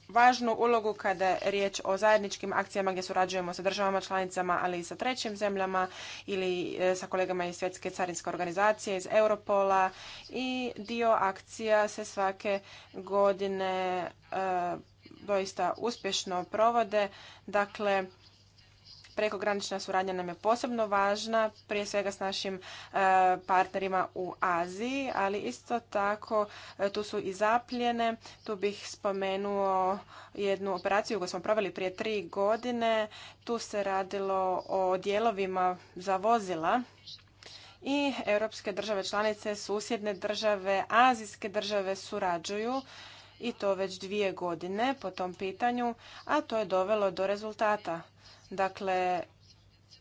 važnu ulogu kada je riječ o zajedničkim akcijama gdje surađujemo sa državama članicama, ali i sa trećim zemljama ili e, sa kolegama iz Svjetske carinske organizacije, iz Europola i dio akcija se svake godine e, doista uspješno provode. Dakle, Prekogranična suradnja nam je posebno važna, prije svega s našim e, partnerima u Aziji, ali isto tako e, tu su i zapljene. Tu bih spomenuo jednu operaciju koju smo proveli prije tri godine. Tu se radilo o dijelovima za vozila i europske države članice, susjedne države, azijske države surađuju i to već dvije godine po tom pitanju, a to je dovelo do rezultata. Dakle,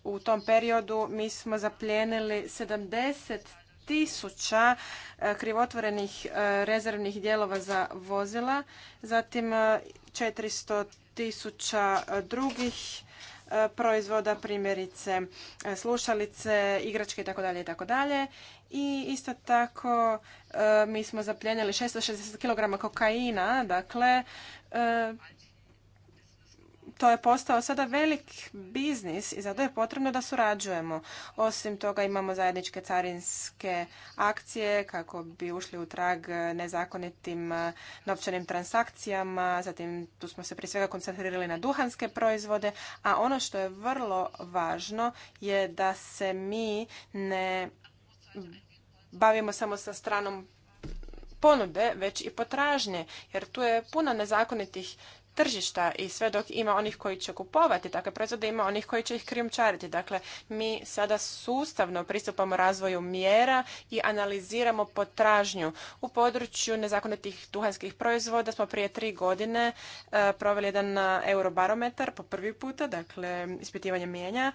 u tom periodu mi smo zaplijenili 70 tisuća e, krivotvorenih e, rezervnih dijelova za vozila, zatim 400 e, tisuća drugih proizvoda, primjerice slušalice, igračke itd. itd. I isto tako mi smo zapljenili 660 kg kokaina, dakle to je postao sada velik biznis i zato je potrebno da surađujemo. Osim toga imamo zajedničke carinske akcije kako bi ušli u trag nezakonitim eh, novčanim transakcijama, zatim tu smo se prije svega koncentrirali na duhanske proizvode, a ono što je vrlo važno je da se mi ne bavimo samo sa stranom ponude, već i potražnje, jer tu je puno nezakonitih tržišta i sve dok ima onih koji će kupovati takve proizvode, ima onih koji će ih krijumčariti. Dakle, mi sada sustavno pristupamo razvoju mjera i analiziramo potražnju. U području nezakonitih duhanskih proizvoda smo prije tri godine e, proveli jedan e, eurobarometar po prvi puta, dakle ispitivanje mijenja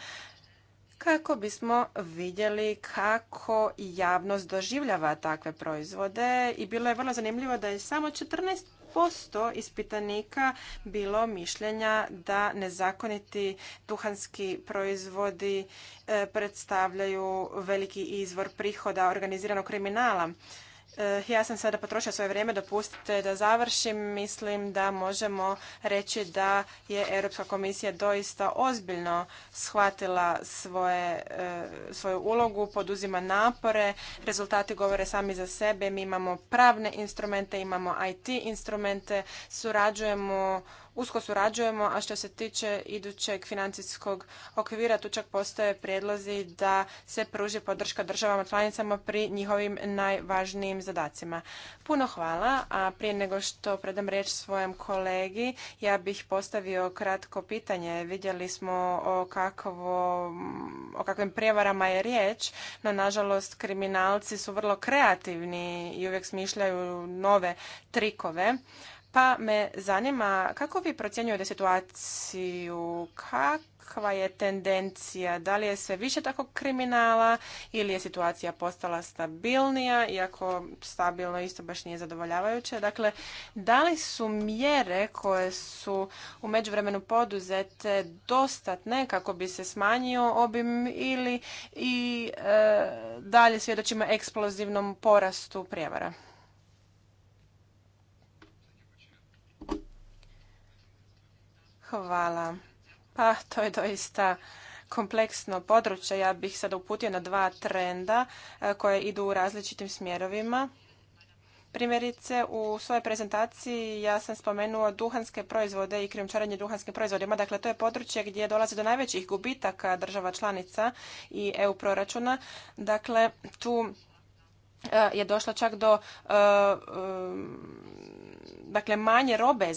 kako bismo vidjeli kako javnost doživljava takve proizvode i bilo je vrlo zanimljivo da je samo 14 posto ispitanika bilo mišljenja da nezakoniti duhanski proizvodi e, predstavljaju veliki izvor prihoda organiziranog kriminala Eh, ja sam sada potrošila svoje vrijeme, dopustite da završim. Mislim da možemo reći da je Europska komisija doista ozbiljno shvatila svoje, eh, svoju ulogu, poduzima napore, rezultati govore sami za sebe, mi imamo pravne instrumente, imamo IT instrumente, surađujemo usko surađujemo, a što se tiče idućeg financijskog okvira, tu čak postoje prijedlozi da se pruži podrška državama članicama pri njihovim najvažnijim zadacima. Puno hvala, a prije nego što predam riječ svojem kolegi, ja bih postavio kratko pitanje. Vidjeli smo o, kakvo, o kakvim prijevarama je riječ, no nažalost kriminalci su vrlo kreativni i uvijek smišljaju nove trikove. Pa me zanima kako vi procjenjujete situaciju, kakva je tendencija, da li je sve više tako kriminala ili je situacija postala stabilnija, iako stabilno isto baš nije zadovoljavajuće. Dakle, da li su mjere koje su u međuvremenu poduzete dostatne kako bi se smanjio obim ili i e, dalje svjedočimo eksplozivnom porastu prijevara? Hvala. Pa to je doista kompleksno područje. Ja bih sada uputio na dva trenda e, koje idu u različitim smjerovima. Primjerice, u svojoj prezentaciji ja sam spomenuo duhanske proizvode i krijumčarenje duhanskim proizvodima. Dakle, to je područje gdje dolazi do najvećih gubitaka država članica i EU proračuna. Dakle, tu e, je došlo čak do e, dakle manje robe je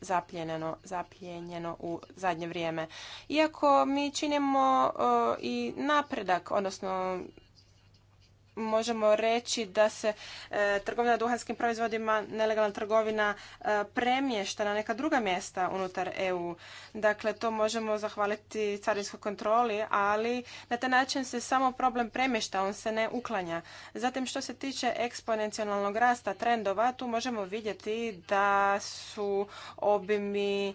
zapljenjeno, zapljenjeno, u zadnje vrijeme. Iako mi činimo e, i napredak, odnosno možemo reći da se e, trgovina duhanskim proizvodima, nelegalna trgovina e, premješta na neka druga mjesta unutar EU. Dakle, to možemo zahvaliti carinskoj kontroli, ali na taj način se samo problem premješta, on se ne uklanja. Zatim, što se tiče eksponencijalnog rasta trendova, tu možemo vidjeti da su obimi e,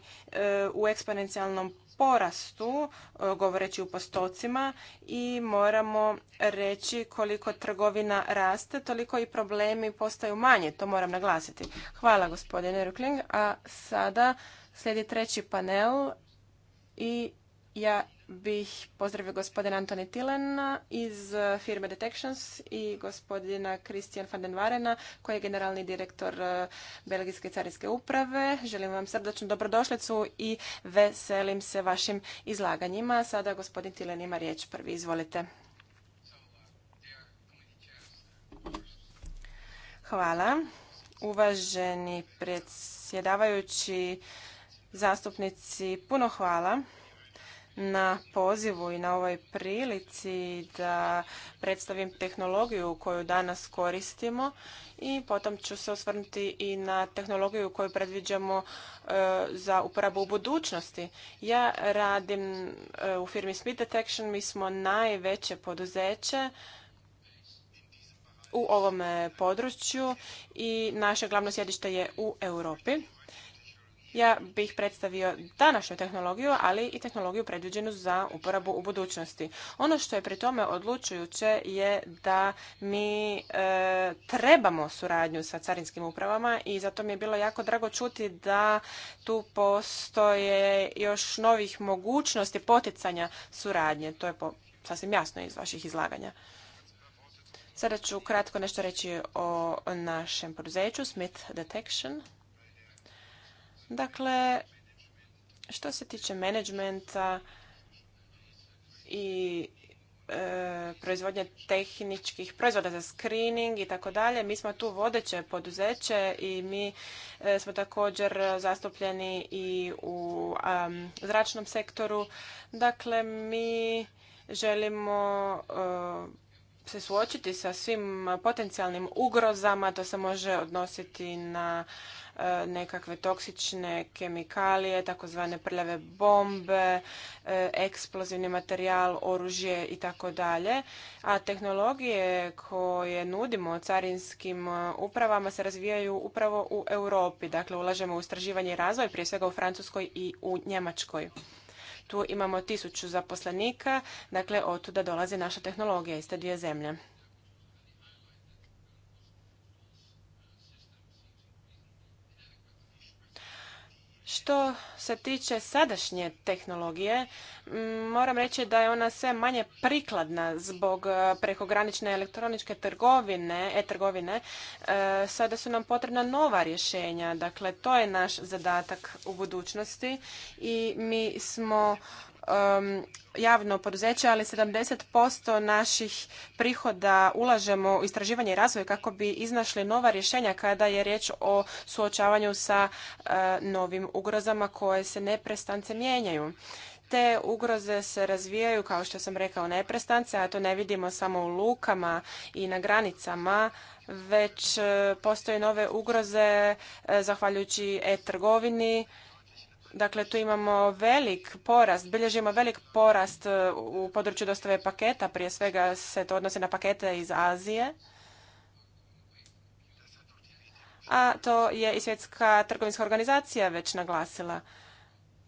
u eksponencijalnom porastu, e, govoreći u postocima, i moramo reći koliko trgovina raste, toliko i problemi postaju manji. To moram naglasiti. Hvala gospodine Rukling. A sada slijedi treći panel i ja bih pozdravio gospodina Antoni Tilena iz firme Detections i gospodina Christian van den Varena koji je generalni direktor e, Belgijske carinske uprave. Želim vam srdačnu dobrodošlicu i veselim se vašim izlaganjima. Sada gospodin Tilen ima riječ prvi. Izvolite. Hvala. Uvaženi predsjedavajući zastupnici, puno hvala na pozivu i na ovoj prilici da predstavim tehnologiju koju danas koristimo i potom ću se osvrnuti i na tehnologiju koju predviđamo e, za uporabu u budućnosti. Ja radim e, u firmi Smith Detection, mi smo najveće poduzeće u ovom području i naše glavno sjedište je u Europi. Ja bih predstavio današnju tehnologiju, ali i tehnologiju predviđenu za uporabu u budućnosti. Ono što je pri tome odlučujuće je da mi e, trebamo suradnju sa carinskim upravama i zato mi je bilo jako drago čuti da tu postoje još novih mogućnosti poticanja suradnje. To je po, sasvim jasno iz vaših izlaganja. Sada ću kratko nešto reći o našem poduzeću Smith Detection. Dakle, što se tiče menadžmenta i e, proizvodnje tehničkih proizvoda za screening i tako dalje, mi smo tu vodeće poduzeće i mi e, smo također zastupljeni i u zračnom sektoru. Dakle, mi želimo e, se suočiti sa svim potencijalnim ugrozama, to se može odnositi na E, nekakve toksične kemikalije, takozvane prljave bombe, e, eksplozivni materijal, oružje i tako dalje. A tehnologije koje nudimo carinskim e, upravama se razvijaju upravo u Europi. Dakle, ulažemo u istraživanje i razvoj, prije svega u Francuskoj i u Njemačkoj. Tu imamo tisuću zaposlenika, dakle, tuda dolazi naša tehnologija iz te dvije zemlje. Što se tiče sadašnje tehnologije, moram reći da je ona sve manje prikladna zbog e, prekogranične elektroničke trgovine, e-trgovine. E, sada su nam potrebna nova rješenja, dakle to je naš zadatak u budućnosti i mi smo Um, javno poduzeće, ali 70% naših prihoda ulažemo u istraživanje i razvoj kako bi iznašli nova rješenja kada je riječ o suočavanju sa uh, novim ugrozama koje se neprestance mijenjaju. Te ugroze se razvijaju, kao što sam rekao, neprestance, a to ne vidimo samo u lukama i na granicama, već uh, postoje nove ugroze uh, zahvaljujući e-trgovini, Dakle, tu imamo velik porast, bilježimo velik porast e, u području dostave paketa, prije svega se to odnosi na pakete iz Azije. A to je i svjetska trgovinska organizacija već naglasila.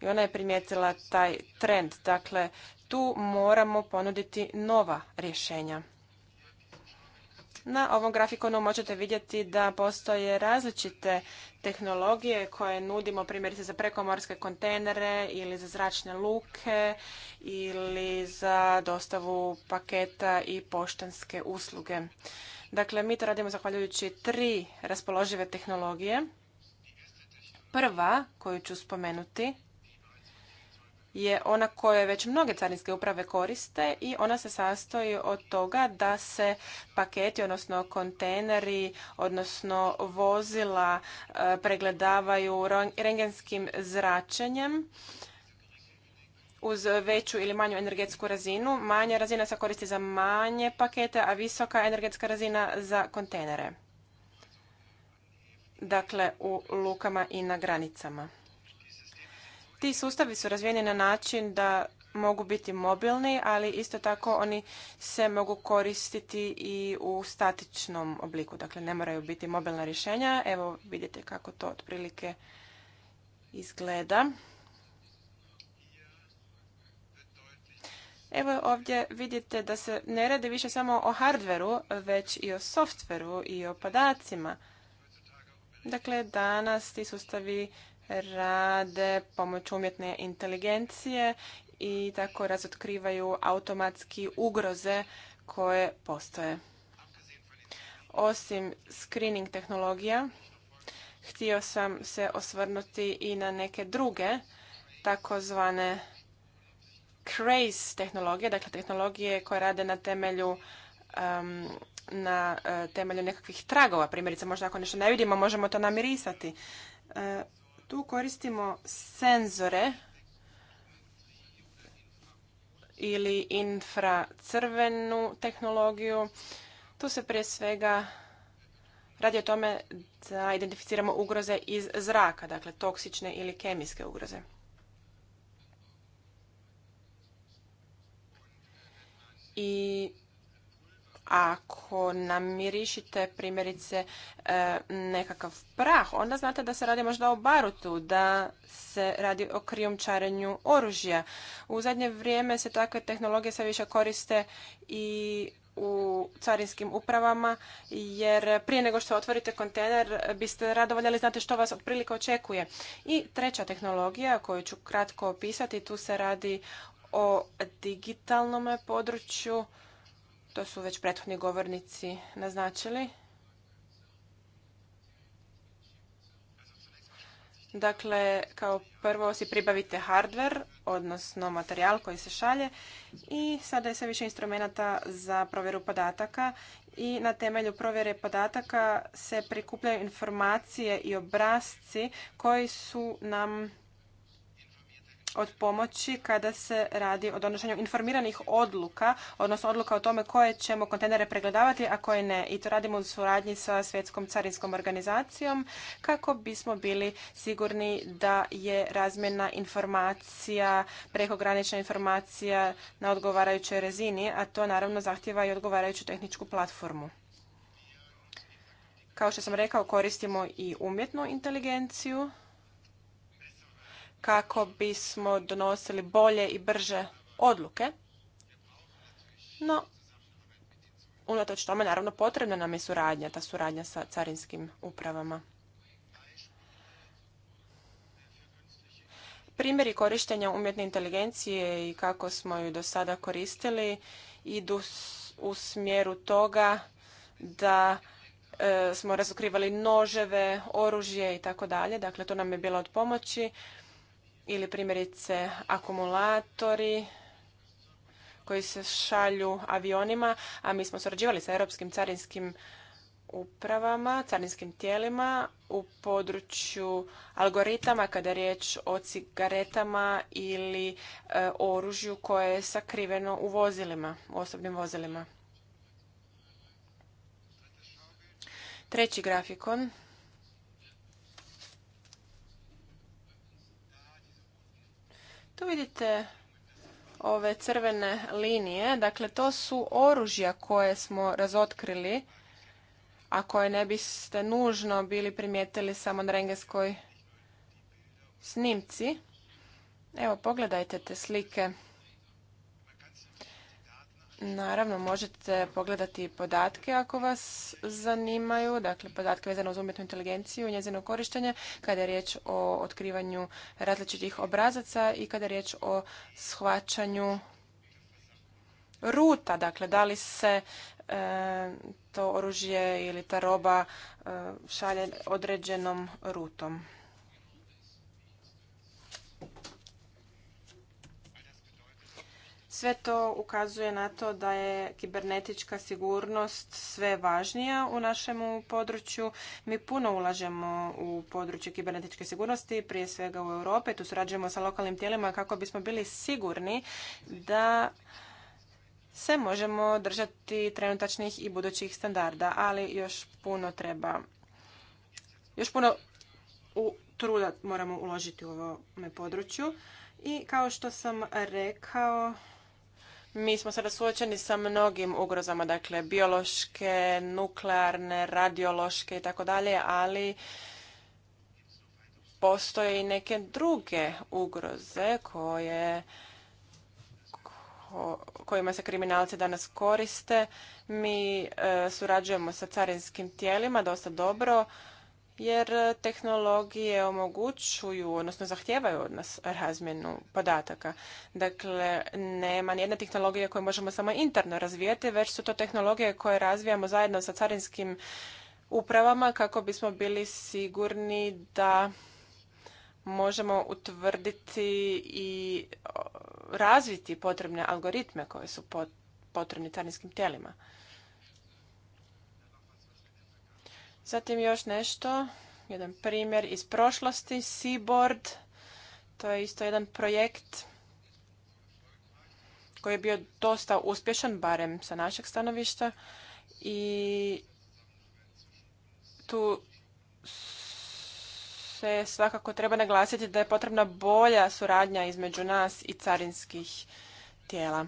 I ona je primijetila taj trend. Dakle, tu moramo ponuditi nova rješenja. Na ovom grafikonu možete vidjeti da postoje različite tehnologije koje nudimo primjerice za prekomorske kontejnere ili za zračne luke ili za dostavu paketa i poštanske usluge. Dakle, mi to radimo zahvaljujući tri raspoložive tehnologije. Prva koju ću spomenuti je ona koju već mnoge carinske uprave koriste i ona se sastoji od toga da se paketi, odnosno kontejneri, odnosno vozila e, pregledavaju rengenskim zračenjem uz veću ili manju energetsku razinu. Manja razina se koristi za manje pakete, a visoka energetska razina za kontejnere. Dakle, u lukama i na granicama. Ti sustavi su razvijeni na način da mogu biti mobilni, ali isto tako oni se mogu koristiti i u statičnom obliku. Dakle, ne moraju biti mobilna rješenja. Evo vidite kako to otprilike izgleda. Evo ovdje vidite da se ne radi više samo o hardveru, već i o softveru i o podacima. Dakle, danas ti sustavi rade pomoću umjetne inteligencije i tako razotkrivaju automatski ugroze koje postoje. Osim screening tehnologija, htio sam se osvrnuti i na neke druge takozvane craze tehnologije, dakle tehnologije koje rade na temelju um, na uh, temelju nekakvih tragova, primjerice možda ako nešto ne vidimo možemo to namirisati. Uh, tu koristimo senzore ili infracrvenu tehnologiju. Tu se prije svega radi o tome da identificiramo ugroze iz zraka, dakle toksične ili kemijske ugroze. I ako namirišite primjerice e, nekakav prah, onda znate da se radi možda o barutu, da se radi o krijumčarenju oružja. U zadnje vrijeme se takve tehnologije sve više koriste i u carinskim upravama, jer prije nego što otvorite kontejner biste rado voljeli znati što vas otprilike očekuje. I treća tehnologija koju ću kratko opisati, tu se radi o digitalnom području to su već prethodni govornici naznačili. Dakle, kao prvo si pribavite hardware, odnosno materijal koji se šalje i sada je sve više instrumenta za provjeru podataka i na temelju provjere podataka se prikupljaju informacije i obrazci koji su nam od pomoći kada se radi o donošenju informiranih odluka, odnosno odluka o tome koje ćemo kontejnere pregledavati, a koje ne. I to radimo u suradnji sa Svjetskom carinskom organizacijom kako bismo bili sigurni da je razmjena informacija, prekogranična informacija na odgovarajućoj razini, a to naravno zahtjeva i odgovarajuću tehničku platformu. Kao što sam rekao, koristimo i umjetnu inteligenciju kako bismo donosili bolje i brže odluke. No, unatoč tome, naravno, potrebna nam je suradnja, ta suradnja sa carinskim upravama. Primjeri korištenja umjetne inteligencije i kako smo ju do sada koristili idu u smjeru toga da e, smo razokrivali noževe, oružje i tako dalje. Dakle, to nam je bilo od pomoći ili primjerice akumulatori koji se šalju avionima, a mi smo surađivali sa europskim carinskim upravama, carinskim tijelima u području algoritama kada je riječ o cigaretama ili e, oružju koje je sakriveno u vozilima, u osobnim vozilima. Treći grafikon Tu vidite ove crvene linije, dakle to su oružja koje smo razotkrili, a koje ne biste nužno bili primijetili samo na rengeskoj snimci. Evo pogledajte te slike. Naravno, možete pogledati podatke ako vas zanimaju, dakle podatke vezane uz umjetnu inteligenciju i njezino korištenje, kada je riječ o otkrivanju različitih obrazaca i kada je riječ o shvaćanju ruta, dakle da li se e, to oružje ili ta roba e, šalje određenom rutom. Sve to ukazuje na to da je kibernetička sigurnost sve važnija u našemu području. Mi puno ulažemo u područje kibernetičke sigurnosti, prije svega u Europi. Tu surađujemo sa lokalnim tijelima kako bismo bili sigurni da se možemo držati trenutačnih i budućih standarda, ali još puno treba, još puno truda moramo uložiti u ovome području. I kao što sam rekao, mi smo sada suočeni sa mnogim ugrozama, dakle biološke, nuklearne, radiološke i tako dalje, ali postoje i neke druge ugroze koje kojima se kriminalci danas koriste. Mi e, surađujemo sa carinskim tijelima dosta dobro jer tehnologije omogućuju, odnosno zahtijevaju od nas razmjenu podataka. Dakle, nema jedna tehnologija koju možemo samo interno razvijati, već su to tehnologije koje razvijamo zajedno sa carinskim upravama kako bismo bili sigurni da možemo utvrditi i razviti potrebne algoritme koje su potrebni carinskim tijelima. Zatim još nešto, jedan primjer iz prošlosti, Seaboard. To je isto jedan projekt koji je bio dosta uspješan, barem sa našeg stanovišta. I tu se svakako treba naglasiti da je potrebna bolja suradnja između nas i carinskih tijela.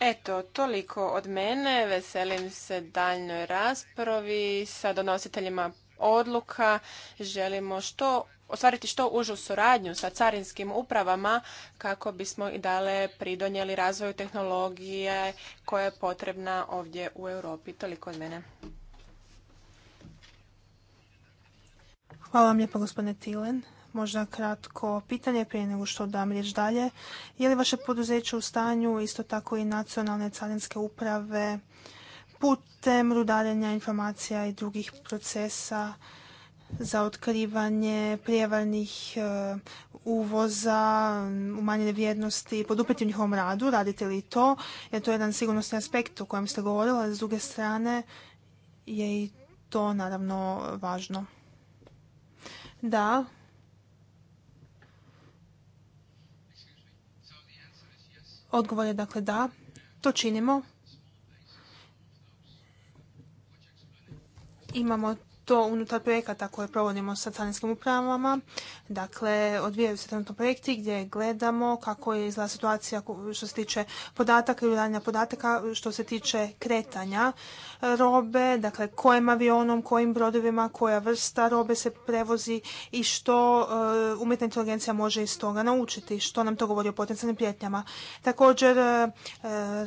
Eto, toliko od mene. Veselim se daljnoj raspravi sa donositeljima odluka. Želimo što ostvariti što užu suradnju sa carinskim upravama kako bismo i dale pridonijeli razvoju tehnologije koja je potrebna ovdje u Europi. Toliko od mene. Hvala vam lijepo gospodine Tilen možda kratko pitanje prije nego što dam riječ dalje. Je li vaše poduzeće u stanju isto tako i nacionalne carinske uprave putem rudarenja informacija i drugih procesa za otkrivanje prijevarnih e, uvoza, umanjene vrijednosti, podupiti u njihovom radu, radite li to, Je to je jedan sigurnosni aspekt o kojem ste govorili, s druge strane je i to naravno važno. Da, Odgovor je dakle da, to činimo. Imamo to unutar projekata koje provodimo sa carinskim upravama. Dakle, odvijaju se trenutno projekti gdje gledamo kako je izgleda situacija što se tiče podataka i podataka što se tiče kretanja robe, dakle kojim avionom, kojim brodovima, koja vrsta robe se prevozi i što e, umjetna inteligencija može iz toga naučiti, što nam to govori o potencijalnim prijetnjama. Također e,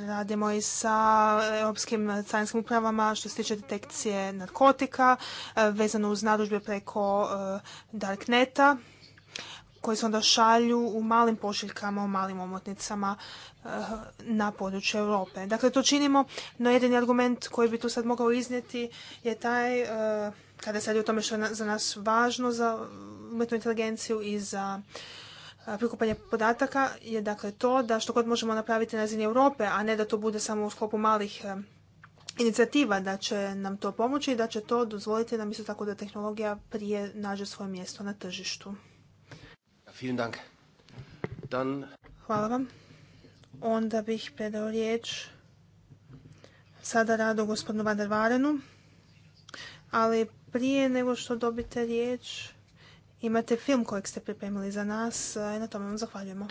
radimo i sa europskim carinskim upravama što se tiče detekcije narkotika e, vezano uz narudžbe preko Darkneta koji se onda šalju u malim pošiljkama, u malim omotnicama eh, na području Europe. Dakle, to činimo, no jedini argument koji bi tu sad mogao iznijeti je taj, eh, kada se radi o tome što je za nas važno za umjetnu inteligenciju i za eh, prikupanje podataka, je dakle to da što god možemo napraviti na razini Europe, a ne da to bude samo u sklopu malih inicijativa da će nam to pomoći i da će to dozvoliti nam isto tako da tehnologija prije nađe svoje mjesto na tržištu. Hvala vam. Onda bih predao riječ sada radu gospodinu Varenu, Ali prije nego što dobite riječ, imate film kojeg ste pripremili za nas na tome vam zahvaljujemo.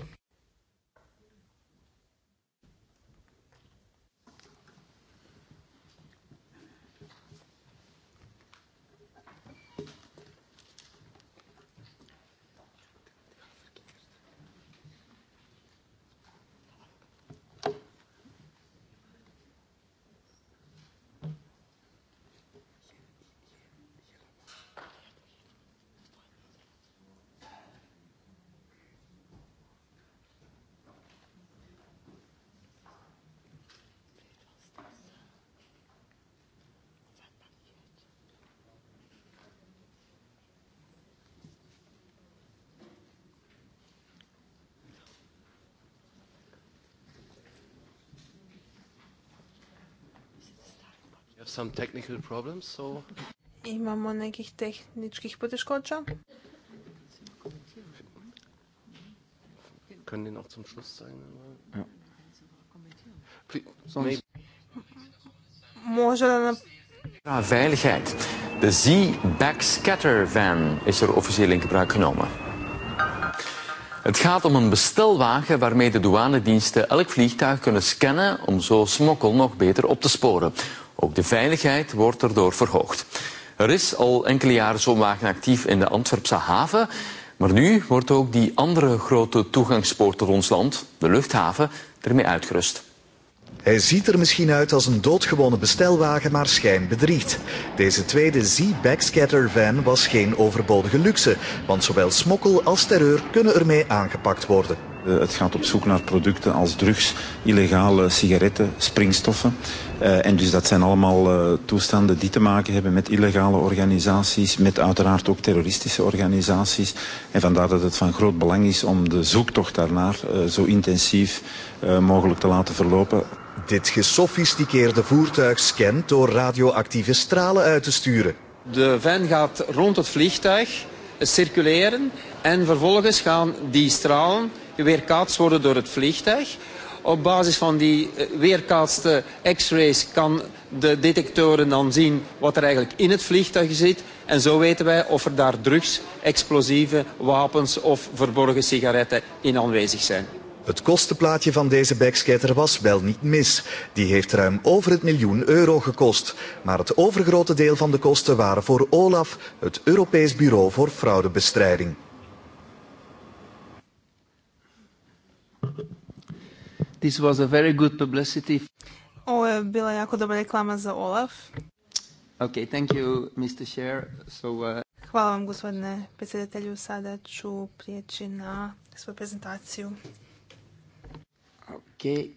some technical problems, so... Imamo nekih tehničkih poteškoća. Können die noch zum Schluss sein? Ja. Može da na... Ja, veiligheid. De Z-Backscatter van is er officieel in gebruik genomen. Het gaat om een bestelwagen waarmee de douanediensten elk vliegtuig kunnen scannen om zo smokkel nog beter op te sporen. Ook de veiligheid wordt erdoor verhoogd. Er is al enkele jaren zo'n wagen actief in de Antwerpse haven. Maar nu wordt ook die andere grote toegangspoort tot ons land, de luchthaven, ermee uitgerust. Hij ziet er misschien uit als een doodgewone bestelwagen, maar schijn bedriegt. Deze tweede Z-Backscatter van was geen overbodige luxe, want zowel smokkel als terreur kunnen ermee aangepakt worden. Eh, het gaat op zoek naar producten als drugs, illegale sigaretten, springstoffen. Eh, en dus dat zijn allemaal eh, toestanden die te maken hebben met illegale organisaties, met uiteraard ook terroristische organisaties. En vandaar dat het van groot belang is om de zoektocht daarnaar zo intensief mogelijk te laten verlopen. Dit gesofisticeerde voertuig scant door radioactieve stralen uit te sturen. De van gaat rond het vliegtuig circuleren en vervolgens gaan die stralen weerkaatst worden door het vliegtuig. Op basis van die eh, weerkaatste x-rays kan de detectoren dan zien wat er eigenlijk in het vliegtuig zit. En zo weten wij of er daar drugs, explosieven, wapens of verborgen sigaretten in aanwezig zijn. Het kostenplaatje van deze backscatter was wel niet mis. Die heeft ruim over het miljoen euro gekost. Maar het overgrote deel van de kosten waren voor OLAF, het Europees Bureau voor Fraudebestrijding. This was a very good publicity. Ovo je bila jako dobra reklama za Olaf. Okay, thank you, Mr. Chair. So, uh... Hvala vam, gospodine predsjedatelju. Sada ću prijeći na svoju prezentaciju. Okay.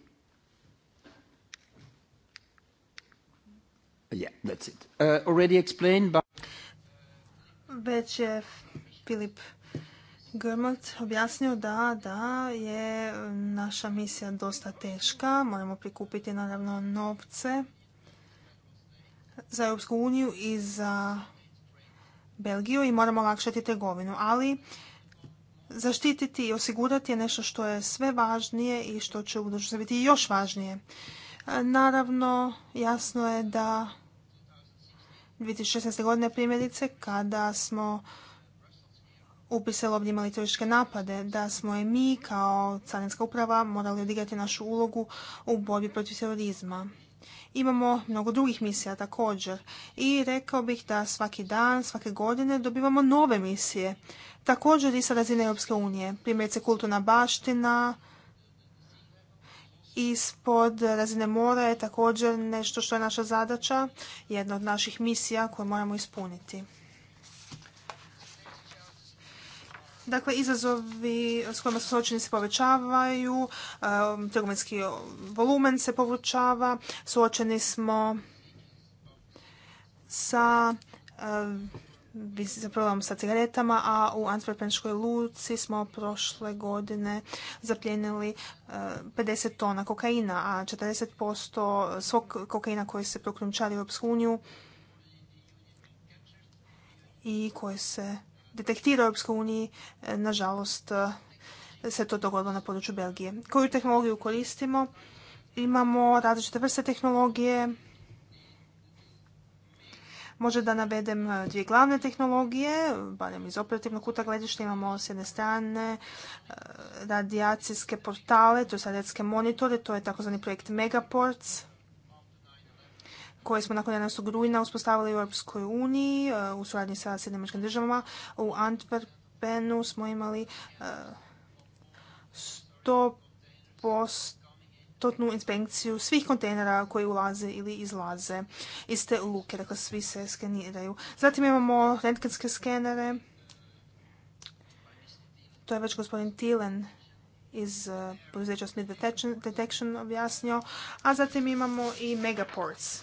Yeah, that's it. Uh, already explained by... Već je Filip Grmot objasnio da, da je naša misija dosta teška. Moramo prikupiti naravno novce za Europsku uniju i za Belgiju i moramo lakšati trgovinu. Ali zaštititi i osigurati je nešto što je sve važnije i što će u budućnosti biti još važnije. Naravno, jasno je da 2016. godine primjerice kada smo upise Briselu imali napade, da smo i mi kao carinska uprava morali odigrati našu ulogu u borbi protiv terorizma. Imamo mnogo drugih misija također i rekao bih da svaki dan, svake godine dobivamo nove misije, također i sa razine Europske unije, primjerice kulturna baština, ispod razine mora je također nešto što je naša zadaća, jedna od naših misija koje moramo ispuniti. Dakle, izazovi s kojima su suočeni se povećavaju, um, trgovinski volumen se povećava, suočeni smo sa um, problemom sa cigaretama, a u Antwerpenskoj luci smo prošle godine zapljenili 50 um, tona kokaina, a 40% svog kokaina koji se prokrijumčari u Europsku i koji se detektira u Europskoj e, nažalost, e, se to dogodilo na području Belgije. Koju tehnologiju koristimo? Imamo različite vrste tehnologije. Može da navedem e, dvije glavne tehnologije, barem iz operativnog kuta gledišta imamo s jedne strane radijacijske portale, to je radijacijske monitore, to je takozvani projekt Megaports koje smo nakon 11. rujna uspostavili u Europskoj uniji e, u suradnji sa Sjedinamačkim državama. U Antwerpenu smo imali 100% e, inspekciju svih kontejnera koji ulaze ili izlaze iz te luke, dakle svi se skeniraju. Zatim imamo rentgenske skenere, to je već gospodin Tilen iz e, poduzeća Smith Detection objasnio, a zatim imamo i Megaports.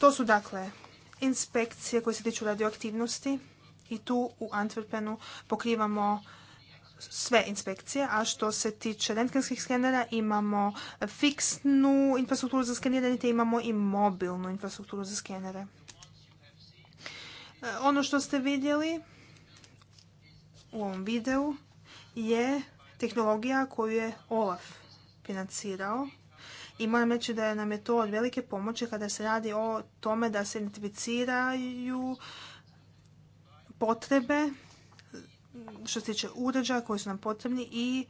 To su dakle inspekcije koje se tiču radioaktivnosti i tu u Antwerpenu pokrivamo sve inspekcije, a što se tiče rentgenskih skenera imamo fiksnu infrastrukturu za skeniranje te imamo i mobilnu infrastrukturu za skenere. E, ono što ste vidjeli u ovom videu je tehnologija koju je Olaf financirao i moram reći da nam je to od velike pomoći kada se radi o tome da se identificiraju potrebe što se tiče uređaja koji su nam potrebni i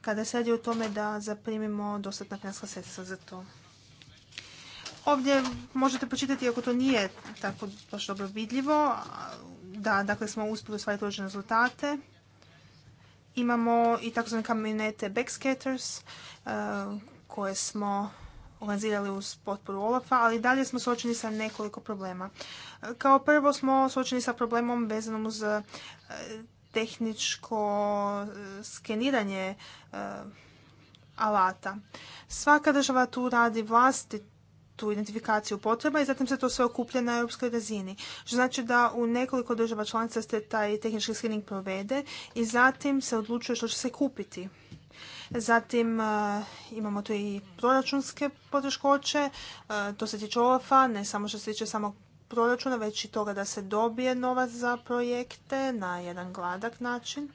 kada se radi o tome da zaprimimo dostatna finanska sredstva za to. Ovdje možete počitati, ako to nije tako baš dobro vidljivo, da dakle, smo uspjeli ostvariti određene rezultate. Imamo i takozvane kamionete backscatters, koje smo organizirali uz potporu Olafa, ali dalje smo suočeni sa nekoliko problema. Kao prvo smo suočeni sa problemom vezanom uz e, tehničko e, skeniranje e, alata. Svaka država tu radi vlastitu identifikaciju potreba i zatim se to sve okuplja na europskoj razini. Što znači da u nekoliko država članica se taj tehnički skening provede i zatim se odlučuje što će se kupiti. Zatim e, imamo tu i proračunske poteškoće, e, to se tiče OLAF-a, ne samo što se tiče samog proračuna, već i toga da se dobije novac za projekte na jedan gladak način.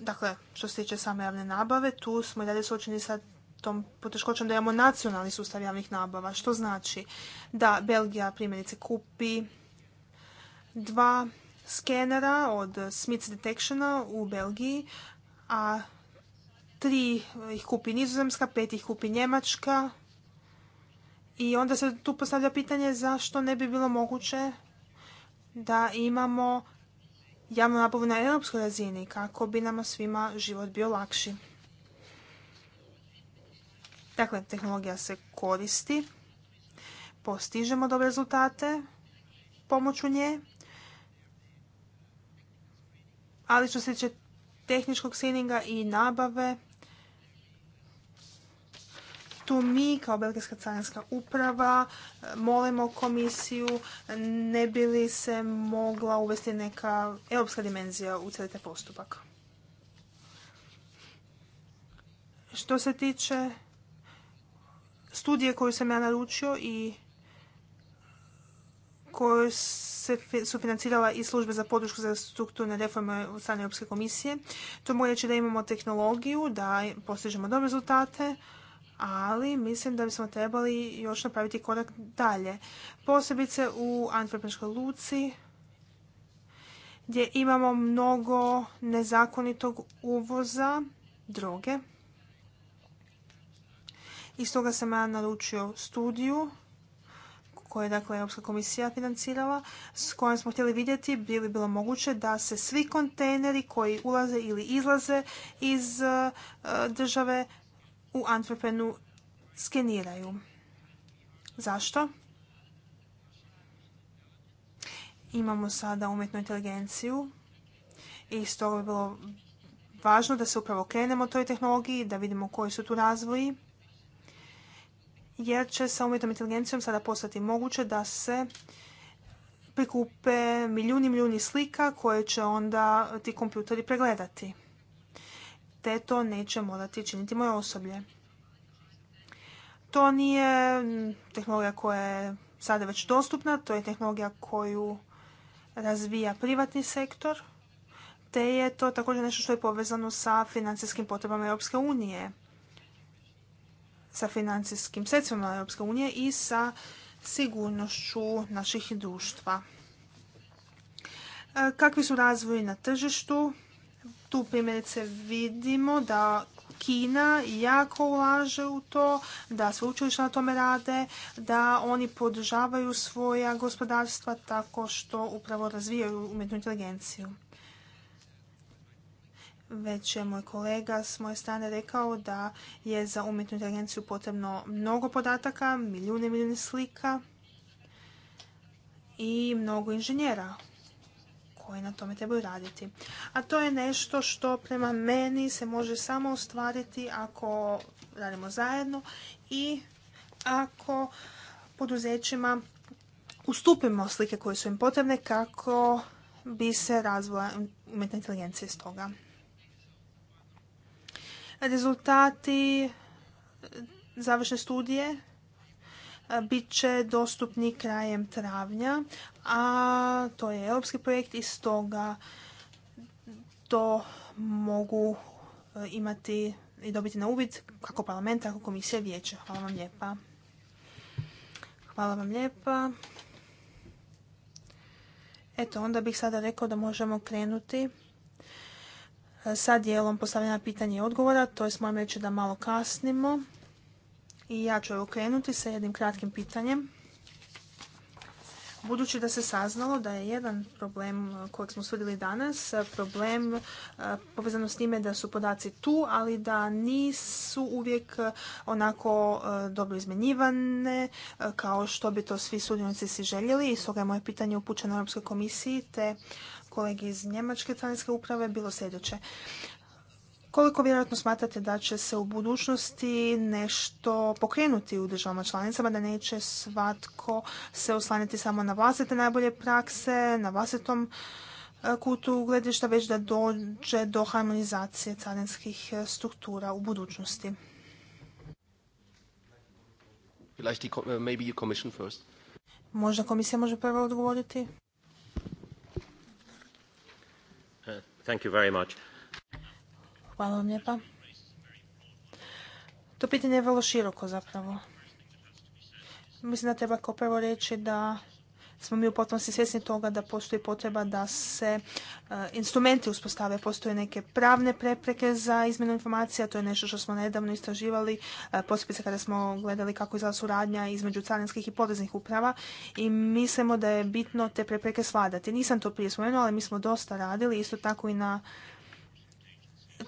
Dakle, što se tiče same javne nabave, tu smo i dalje suočeni sa tom poteškoćom da imamo nacionalni sustav javnih nabava, što znači da Belgija primjerice kupi dva skenera od Smith Detectiona u Belgiji, a tri ih kupi Nizozemska, pet ih kupi Njemačka. I onda se tu postavlja pitanje zašto ne bi bilo moguće da imamo javnu nabavu na europskoj razini kako bi nama svima život bio lakši. Dakle, tehnologija se koristi, postižemo dobre rezultate pomoću nje, ali što se tiče tehničkog sininga i nabave, tu mi kao Belgijska carinska uprava eh, molimo komisiju ne bi li se mogla uvesti neka europska dimenzija u cijeli taj postupak. Što se tiče studije koju sam ja naručio i koju se su financirala i službe za podršku za strukturne reforme od strane Europske komisije. To mogu reći da imamo tehnologiju, da postižemo dobre rezultate, ali mislim da bismo trebali još napraviti korak dalje. Posebice u Antwerpenskoj luci, gdje imamo mnogo nezakonitog uvoza droge. I stoga sam ja naručio studiju koje je dakle Europska komisija financirala, s kojom smo htjeli vidjeti bi li bilo moguće da se svi kontejneri koji ulaze ili izlaze iz e, države u Antwerpenu skeniraju. Zašto? Imamo sada umjetnu inteligenciju i toga je bilo važno da se upravo krenemo toj tehnologiji, da vidimo koji su tu razvoji jer će sa umjetnom inteligencijom sada postati moguće da se prikupe milijuni milijuni slika koje će onda ti kompjuteri pregledati. Te to neće morati činiti moje osoblje. To nije tehnologija koja je sada već dostupna, to je tehnologija koju razvija privatni sektor, te je to također nešto što je povezano sa financijskim potrebama Europske unije sa financijskim sredstvima Europske unije i sa sigurnošću naših društva. E, kakvi su razvoji na tržištu? Tu primjerice vidimo da Kina jako ulaže u to, da sveučilišta na tome rade, da oni podržavaju svoja gospodarstva tako što upravo razvijaju umjetnu inteligenciju. Već je moj kolega s moje strane rekao da je za umjetnu inteligenciju potrebno mnogo podataka, milijune i milijune slika i mnogo inženjera koji na tome trebaju raditi. A to je nešto što prema meni se može samo ostvariti ako radimo zajedno i ako poduzećima ustupimo slike koje su im potrebne kako bi se razvoja umjetna inteligencija iz toga. Rezultati e, završne studije e, bit će dostupni krajem travnja, a to je europski projekt i stoga to mogu e, imati i dobiti na uvid kako parlament, kako komisija vijeća. Hvala vam lijepa. Hvala vam lijepa. Eto, onda bih sada rekao da možemo krenuti E, sa dijelom postavljena pitanja i odgovora, to je moram reći da malo kasnimo. I ja ću krenuti sa jednim kratkim pitanjem. Budući da se saznalo da je jedan problem e, kojeg smo sudili danas, e, problem povezano s time da su podaci tu, ali da nisu uvijek onako dobro izmenjivane kao što bi to svi sudionici si željeli. I stoga je moje pitanje upućeno Europskoj komisiji te kolegi iz Njemačke carinske uprave bilo sljedeće. Koliko vjerojatno smatrate da će se u budućnosti nešto pokrenuti u državama članicama, da neće svatko se oslaniti samo na vlastite najbolje prakse, na vlastitom e, kutu gledišta, već da dođe do harmonizacije carinskih e, struktura u budućnosti? Äh, Možda komisija može prvo odgovoriti? Thank you very much. Hvala vam lijepa. To pitanje je vrlo široko zapravo. Mislim da treba kao prvo reći da smo mi u potpunosti svjesni toga da postoji potreba da se e, instrumenti uspostave. Postoje neke pravne prepreke za izmjenu informacija, to je nešto što smo nedavno istraživali, e, posebice kada smo gledali kako izgleda suradnja između carinskih i poreznih uprava i mislimo da je bitno te prepreke svladati. Nisam to prije spomenula, ali mi smo dosta radili, isto tako i na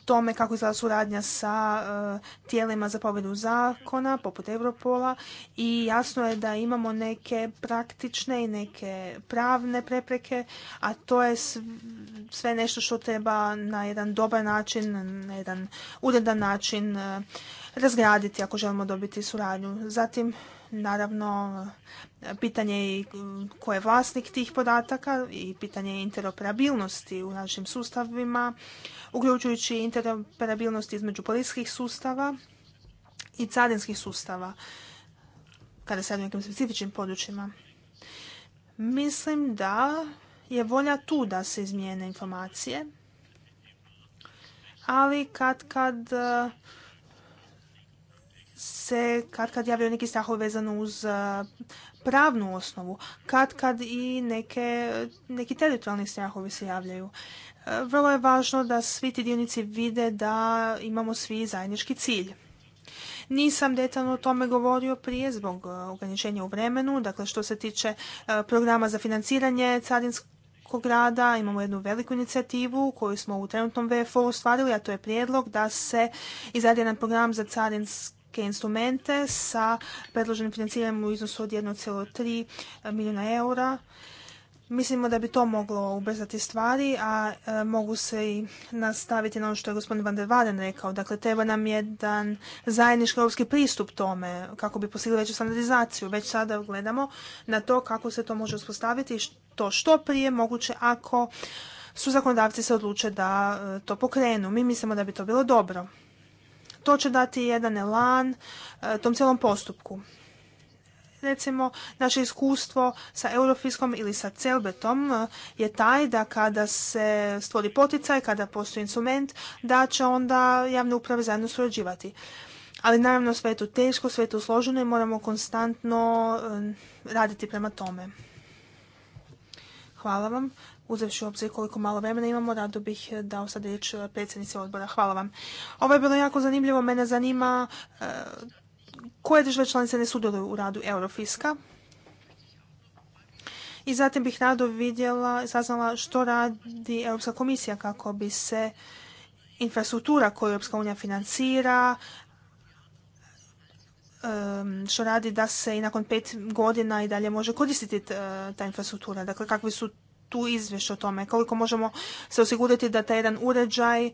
tome kako izgleda suradnja sa e, tijelima za povredu zakona, poput Europola i jasno je da imamo neke praktične i neke pravne prepreke, a to je sve nešto što treba na jedan dobar način, na jedan uredan način e, razgraditi ako želimo dobiti suradnju. Zatim, naravno, pitanje je ko je vlasnik tih podataka i pitanje interoperabilnosti u našim sustavima, uključujući interoperabilnost između policijskih sustava i carinskih sustava, kada se radi o nekim specifičnim područjima. Mislim da je volja tu da se izmijene informacije, ali kad kad se kad kad javljaju neki strahovi vezano uz e, pravnu osnovu, kad kad i neke, neki teritorijalni strahovi se javljaju. E, vrlo je važno da svi ti dionici vide da imamo svi zajednički cilj. Nisam detaljno o tome govorio prije zbog e, ograničenja u vremenu, dakle što se tiče programa za financiranje carinskog grada imamo jednu veliku inicijativu koju smo u trenutnom VFO ostvarili, a to je prijedlog da se izradi jedan program za carinski instrumente sa predloženim financiranjem u iznosu od 1,3 eh, milijuna eura. Mislimo da bi to moglo ubrzati stvari, a eh, mogu se i nastaviti na ono što je gospodin Van der Waden rekao. Dakle, treba nam jedan zajednički europski pristup tome kako bi postigli veću standardizaciju. Već sada gledamo na to kako se to može uspostaviti i to što prije moguće ako su zakonodavci se odluče da eh, to pokrenu. Mi mislimo da bi to bilo dobro. To će dati jedan elan e, tom cijelom postupku. Recimo, naše iskustvo sa Eurofiskom ili sa Celbetom e, je taj da kada se stvori poticaj, kada postoji instrument, da će onda javne uprave zajedno surađivati. Ali naravno sve je to teško, sve je to složeno i moramo konstantno e, raditi prema tome. Hvala vam uzevši u obzir koliko malo vremena imamo, rado bih eh, dao sad riječ eh, predsjednici odbora. Hvala vam. Ovo je bilo jako zanimljivo. Mene zanima eh, koje države članice ne sudjeluju u radu Eurofiska. I zatim bih rado vidjela, saznala što radi Europska komisija kako bi se infrastruktura koju Europska unija financira, ehm, što radi da se i nakon pet godina i dalje može koristiti ta infrastruktura. Dakle, kakvi su tu izvješće o tome, koliko možemo se osigurati da taj jedan uređaj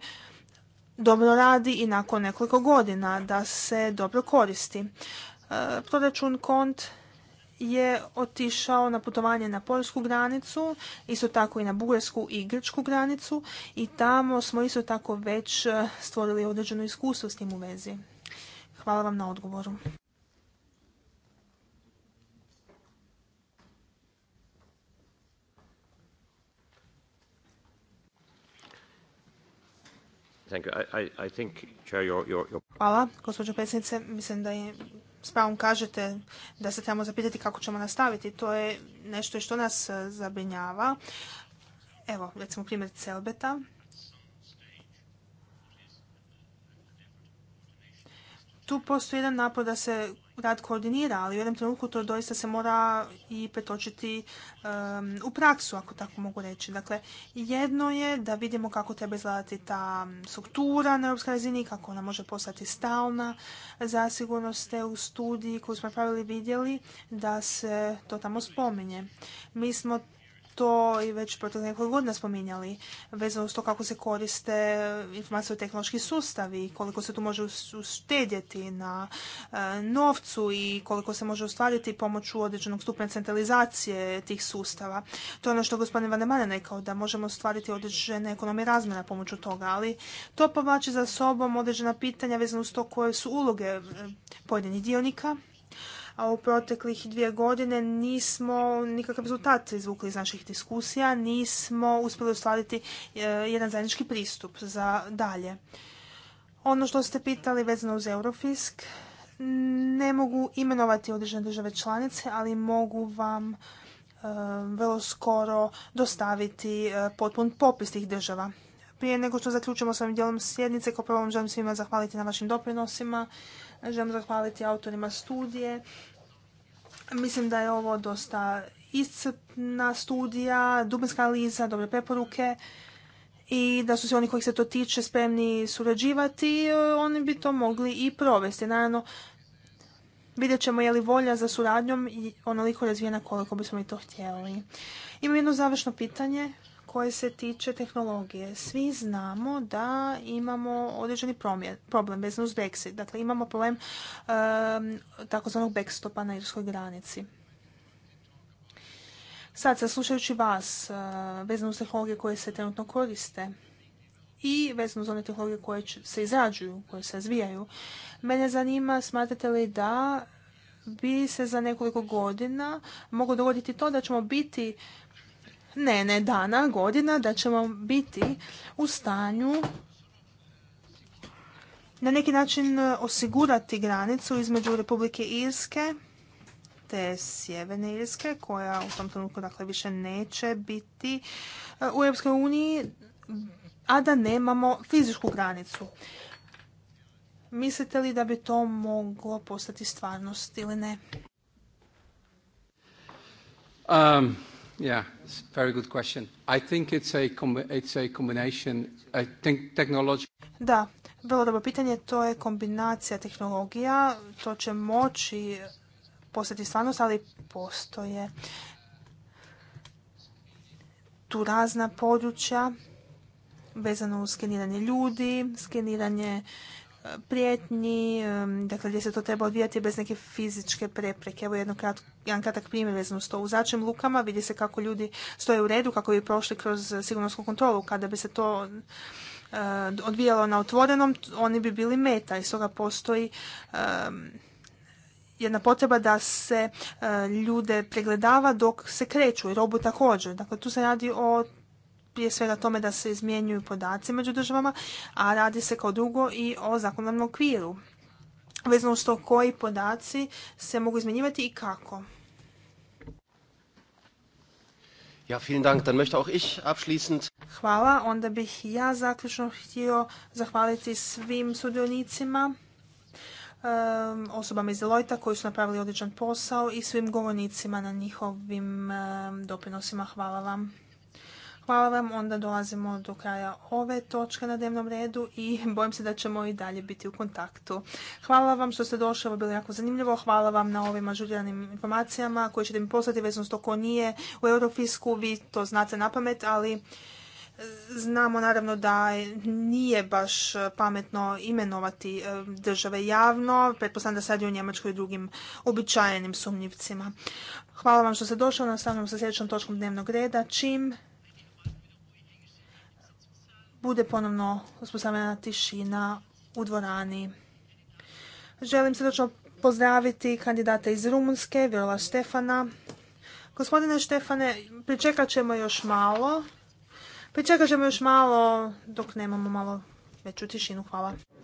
dobro radi i nakon nekoliko godina, da se dobro koristi. E, proračun kont je otišao na putovanje na poljsku granicu, isto tako i na bugarsku i grčku granicu i tamo smo isto tako već e, stvorili određeno iskustvo s tim u vezi. Hvala vam na odgovoru. Hvala, gospođo predsjednice. Mislim da je s pravom kažete da se trebamo zapitati kako ćemo nastaviti. To je nešto što nas e, zabrinjava. Evo, recimo primjer Celbeta. Tu postoji jedan napor da se rad koordinira, ali u jednom trenutku to doista se mora i pretočiti u praksu, ako tako mogu reći. Dakle, jedno je da vidimo kako treba izgledati ta struktura na europskoj razini, kako ona može postati stalna. Zasigurno ste u studiji koju smo pravili vidjeli da se to tamo spominje. Mi smo to i već protiv nekoliko godina spominjali, vezano s to kako se koriste tehnološki sustavi, i koliko se tu može uštedjeti na e, novcu i koliko se može ostvariti pomoću određenog stupnja centralizacije tih sustava. To je ono što je gospodin Vanemane rekao, da možemo ostvariti određene ekonomije razmjena pomoću toga, ali to povlači za sobom određena pitanja vezano s to koje su uloge e, pojedinih dionika a u proteklih dvije godine nismo nikakav rezultat izvukli iz naših diskusija, nismo uspjeli ostvariti e, jedan zajednički pristup za dalje. Ono što ste pitali vezano uz Eurofisk, ne mogu imenovati određene države članice, ali mogu vam e, vrlo skoro dostaviti e, potpun popis tih država. Prije nego što zaključimo s ovim dijelom sjednice, kao prvo želim svima zahvaliti na vašim doprinosima, Želim zahvaliti autorima studije. Mislim da je ovo dosta iscrpna studija, dubinska analiza, dobre preporuke i da su se oni kojih se to tiče spremni surađivati, oni bi to mogli i provesti. Naravno, vidjet ćemo je li volja za suradnjom onoliko razvijena koliko bismo i to htjeli. Imam jedno završno pitanje koje se tiče tehnologije. Svi znamo da imamo određeni problem vezan uz Brexit. Dakle, imamo problem um, takozvanog backstopa na irskoj granici. Sad, saslušajući vas, eh, vezano uz tehnologije koje se trenutno koriste i vezano uz one tehnologije koje se izrađuju, koje se razvijaju, mene zanima smatrate li da bi se za nekoliko godina moglo dogoditi to da ćemo biti ne, ne dana, godina, da ćemo biti u stanju na neki način e, osigurati granicu između Republike Irske te Sjeverne Irske, koja u tom trenutku dakle, više neće biti e, u Europskoj uniji, a da nemamo fizičku granicu. Mislite li da bi to moglo postati stvarnost ili ne? Um. Yeah, it's a very good question. I think it's a, combination. I think technology... Da, vrlo dobro pitanje. To je kombinacija tehnologija. To će moći postati stvarnost, ali postoje tu razna područja vezano uz skeniranje ljudi, skeniranje prijetnji, dakle gdje se to treba odvijati bez neke fizičke prepreke. Evo jedno jedan kratak primjer vezano s to. U začim lukama vidi se kako ljudi stoje u redu, kako bi prošli kroz sigurnosnu kontrolu. Kada bi se to eh, odvijalo na otvorenom, oni bi bili meta i stoga postoji jedna potreba da se eh, ljude pregledava dok se kreću i robu također. Dakle, tu se radi o prije svega tome da se izmjenjuju podaci među državama, a radi se kao drugo i o zakonodavnom okviru. Vezano uz to koji podaci se mogu izmjenjivati i kako. Ja, vielen Dank. Dann möchte auch ich abschließend Hvala, onda bih ja zaključno htio zahvaliti svim sudionicima, ehm, osobama iz Deloita koji su napravili odličan posao i svim govornicima na njihovim ehm, doprinosima. Hvala vam. Hvala vam, onda dolazimo do kraja ove točke na dnevnom redu i bojim se da ćemo i dalje biti u kontaktu. Hvala vam što ste došli, ovo je bilo jako zanimljivo. Hvala vam na ovim ažuriranim informacijama koje ćete mi poslati vezano s toko nije u Eurofisku. Vi to znate na pamet, ali e, znamo naravno da nije baš pametno imenovati e, države javno. Pretpostavljam da sad je u Njemačkoj i drugim običajenim sumnjivcima. Hvala vam što ste došli, nastavljamo sa sljedećom točkom dnevnog reda. Čim bude ponovno uspostavljena tišina u dvorani. Želim srdečno pozdraviti kandidata iz Rumunske, Virola Štefana. Gospodine Štefane, pričekat ćemo još malo. Pričekat ćemo još malo dok nemamo malo veću tišinu. Hvala.